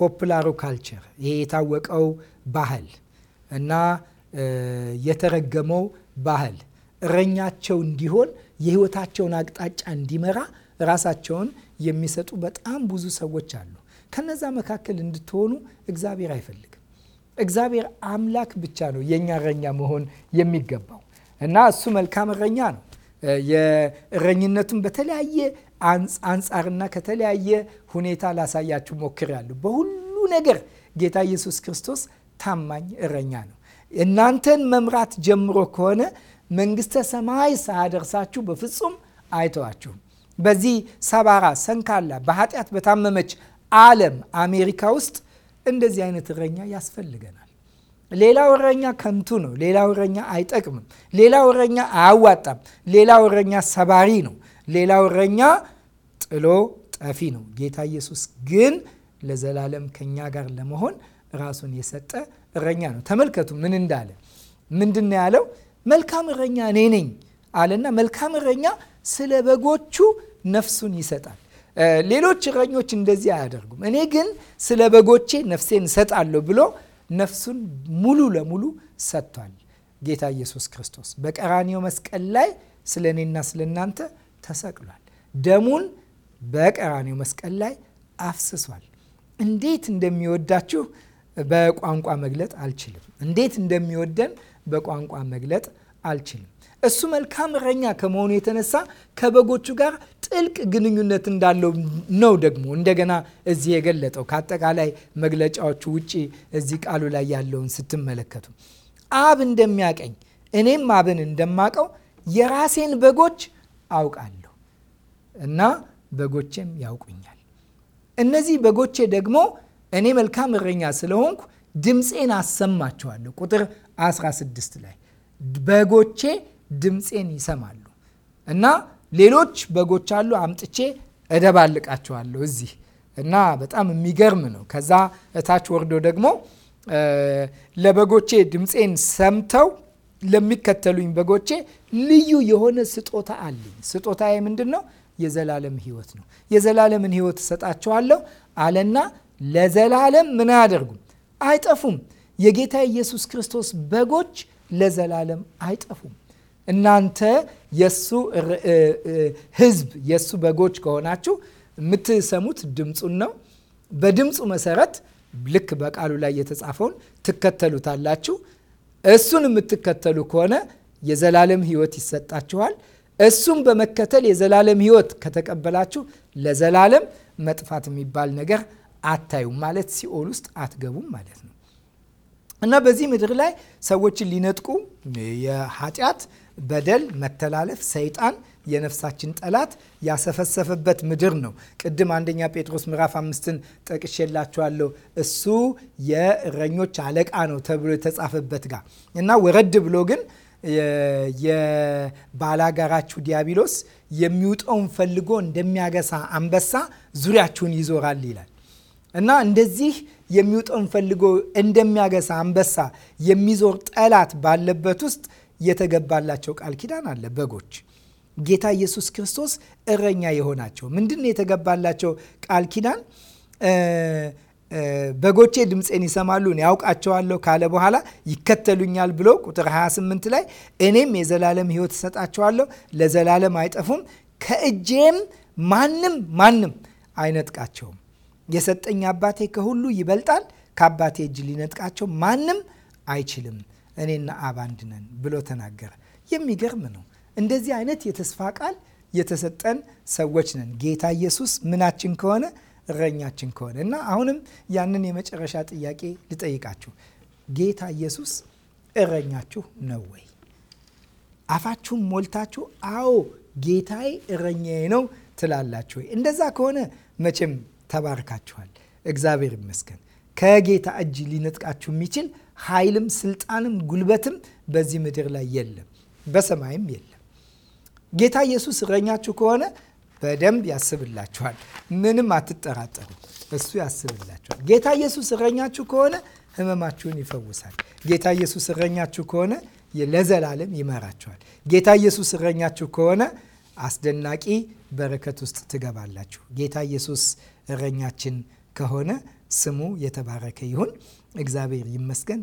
Speaker 1: ፖፕላሩ ካልቸር ይሄ የታወቀው ባህል እና የተረገመው ባህል እረኛቸው እንዲሆን የህይወታቸውን አቅጣጫ እንዲመራ ራሳቸውን የሚሰጡ በጣም ብዙ ሰዎች አሉ። ከነዛ መካከል እንድትሆኑ እግዚአብሔር አይፈልግም። እግዚአብሔር አምላክ ብቻ ነው የእኛ እረኛ መሆን የሚገባው። እና እሱ መልካም እረኛ ነው። የእረኝነቱን በተለያየ አንጻርና ከተለያየ ሁኔታ ላሳያችሁ ሞክሬያለሁ። በሁሉ ነገር ጌታ ኢየሱስ ክርስቶስ ታማኝ እረኛ ነው። እናንተን መምራት ጀምሮ ከሆነ መንግስተ ሰማይ ሳያደርሳችሁ በፍጹም አይተዋችሁም። በዚህ ሰባራ ሰንካላ በኃጢአት በታመመች ዓለም አሜሪካ ውስጥ እንደዚህ አይነት እረኛ ያስፈልገናል። ሌላ እረኛ ከንቱ ነው። ሌላ እረኛ አይጠቅምም። ሌላ እረኛ አያዋጣም። ሌላ እረኛ ሰባሪ ነው። ሌላ እረኛ ጥሎ ጠፊ ነው። ጌታ ኢየሱስ ግን ለዘላለም ከኛ ጋር ለመሆን ራሱን የሰጠ እረኛ ነው። ተመልከቱ ምን እንዳለ ምንድን ነው ያለው? መልካም እረኛ እኔ ነኝ አለና መልካም እረኛ ስለ በጎቹ ነፍሱን ይሰጣል። ሌሎች እረኞች እንደዚህ አያደርጉም። እኔ ግን ስለ በጎቼ ነፍሴን እሰጣለሁ ብሎ ነፍሱን ሙሉ ለሙሉ ሰጥቷል። ጌታ ኢየሱስ ክርስቶስ በቀራኒው መስቀል ላይ ስለ እኔና ስለ እናንተ ተሰቅሏል። ደሙን በቀራኒው መስቀል ላይ አፍስሷል። እንዴት እንደሚወዳችሁ በቋንቋ መግለጥ አልችልም። እንዴት እንደሚወደን በቋንቋ መግለጥ አልችልም። እሱ መልካም እረኛ ከመሆኑ የተነሳ ከበጎቹ ጋር ጥልቅ ግንኙነት እንዳለው ነው ደግሞ እንደገና እዚህ የገለጠው ከአጠቃላይ መግለጫዎቹ ውጪ እዚህ ቃሉ ላይ ያለውን ስትመለከቱ አብ እንደሚያቀኝ እኔም አብን እንደማቀው የራሴን በጎች አውቃለሁ እና በጎቼም ያውቁኛል። እነዚህ በጎቼ ደግሞ እኔ መልካም እረኛ ስለሆንኩ ድምፄን አሰማቸዋለሁ። ቁጥር 16 ላይ በጎቼ ድምፄን ይሰማሉ እና ሌሎች በጎች አሉ አምጥቼ እደባልቃቸዋለሁ እዚህ እና በጣም የሚገርም ነው። ከዛ እታች ወርዶ ደግሞ ለበጎቼ ድምፄን ሰምተው ለሚከተሉኝ በጎቼ ልዩ የሆነ ስጦታ አለኝ። ስጦታዬ ምንድን ነው? የዘላለም ህይወት ነው። የዘላለምን ህይወት እሰጣቸዋለሁ አለና ለዘላለም ምን አያደርጉም? አይጠፉም። የጌታ ኢየሱስ ክርስቶስ በጎች ለዘላለም አይጠፉም። እናንተ የሱ ህዝብ የሱ በጎች ከሆናችሁ የምትሰሙት ድምፁን ነው። በድምፁ መሰረት ልክ በቃሉ ላይ የተጻፈውን ትከተሉታላችሁ። እሱን የምትከተሉ ከሆነ የዘላለም ህይወት ይሰጣችኋል። እሱም በመከተል የዘላለም ህይወት ከተቀበላችሁ ለዘላለም መጥፋት የሚባል ነገር አታዩም ማለት ሲኦል ውስጥ አትገቡም ማለት ነው እና በዚህ ምድር ላይ ሰዎችን ሊነጥቁ የኃጢአት በደል፣ መተላለፍ፣ ሰይጣን የነፍሳችን ጠላት ያሰፈሰፈበት ምድር ነው። ቅድም አንደኛ ጴጥሮስ ምዕራፍ አምስትን ጠቅሼላችኋለሁ። እሱ የእረኞች አለቃ ነው ተብሎ የተጻፈበት ጋር እና ወረድ ብሎ ግን የባላጋራችሁ ዲያብሎስ የሚውጠውን ፈልጎ እንደሚያገሳ አንበሳ ዙሪያችሁን ይዞራል ይላል እና እንደዚህ የሚውጠውን ፈልጎ እንደሚያገሳ አንበሳ የሚዞር ጠላት ባለበት ውስጥ የተገባላቸው ቃል ኪዳን አለ። በጎች ጌታ ኢየሱስ ክርስቶስ እረኛ የሆናቸው ምንድን ነው የተገባላቸው ቃል ኪዳን? በጎቼ ድምፄን ይሰማሉ፣ እኔ ያውቃቸዋለሁ ካለ በኋላ ይከተሉኛል ብሎ ቁጥር 28 ላይ እኔም የዘላለም ሕይወት እሰጣቸዋለሁ፣ ለዘላለም አይጠፉም፣ ከእጄም ማንም ማንም አይነጥቃቸውም። የሰጠኝ አባቴ ከሁሉ ይበልጣል፣ ከአባቴ እጅ ሊነጥቃቸው ማንም አይችልም። እኔና አብ አንድ ነን ብሎ ተናገረ። የሚገርም ነው። እንደዚህ አይነት የተስፋ ቃል የተሰጠን ሰዎች ነን። ጌታ ኢየሱስ ምናችን ከሆነ እረኛችን ከሆነ እና አሁንም ያንን የመጨረሻ ጥያቄ ልጠይቃችሁ። ጌታ ኢየሱስ እረኛችሁ ነው ወይ? አፋችሁም ሞልታችሁ አዎ ጌታዬ እረኛዬ ነው ትላላችሁ ወይ? እንደዛ ከሆነ መቼም ተባርካችኋል። እግዚአብሔር ይመስገን። ከጌታ እጅ ሊነጥቃችሁ የሚችል ኃይልም፣ ስልጣንም፣ ጉልበትም በዚህ ምድር ላይ የለም፣ በሰማይም የለም። ጌታ ኢየሱስ እረኛችሁ ከሆነ በደንብ ያስብላችኋል። ምንም አትጠራጠሩ። እሱ ያስብላችኋል። ጌታ ኢየሱስ እረኛችሁ ከሆነ ህመማችሁን ይፈውሳል። ጌታ ኢየሱስ እረኛችሁ ከሆነ ለዘላለም ይመራችኋል። ጌታ ኢየሱስ እረኛችሁ ከሆነ አስደናቂ በረከት ውስጥ ትገባላችሁ። ጌታ ኢየሱስ እረኛችን ከሆነ ስሙ የተባረከ ይሁን። እግዚአብሔር ይመስገን።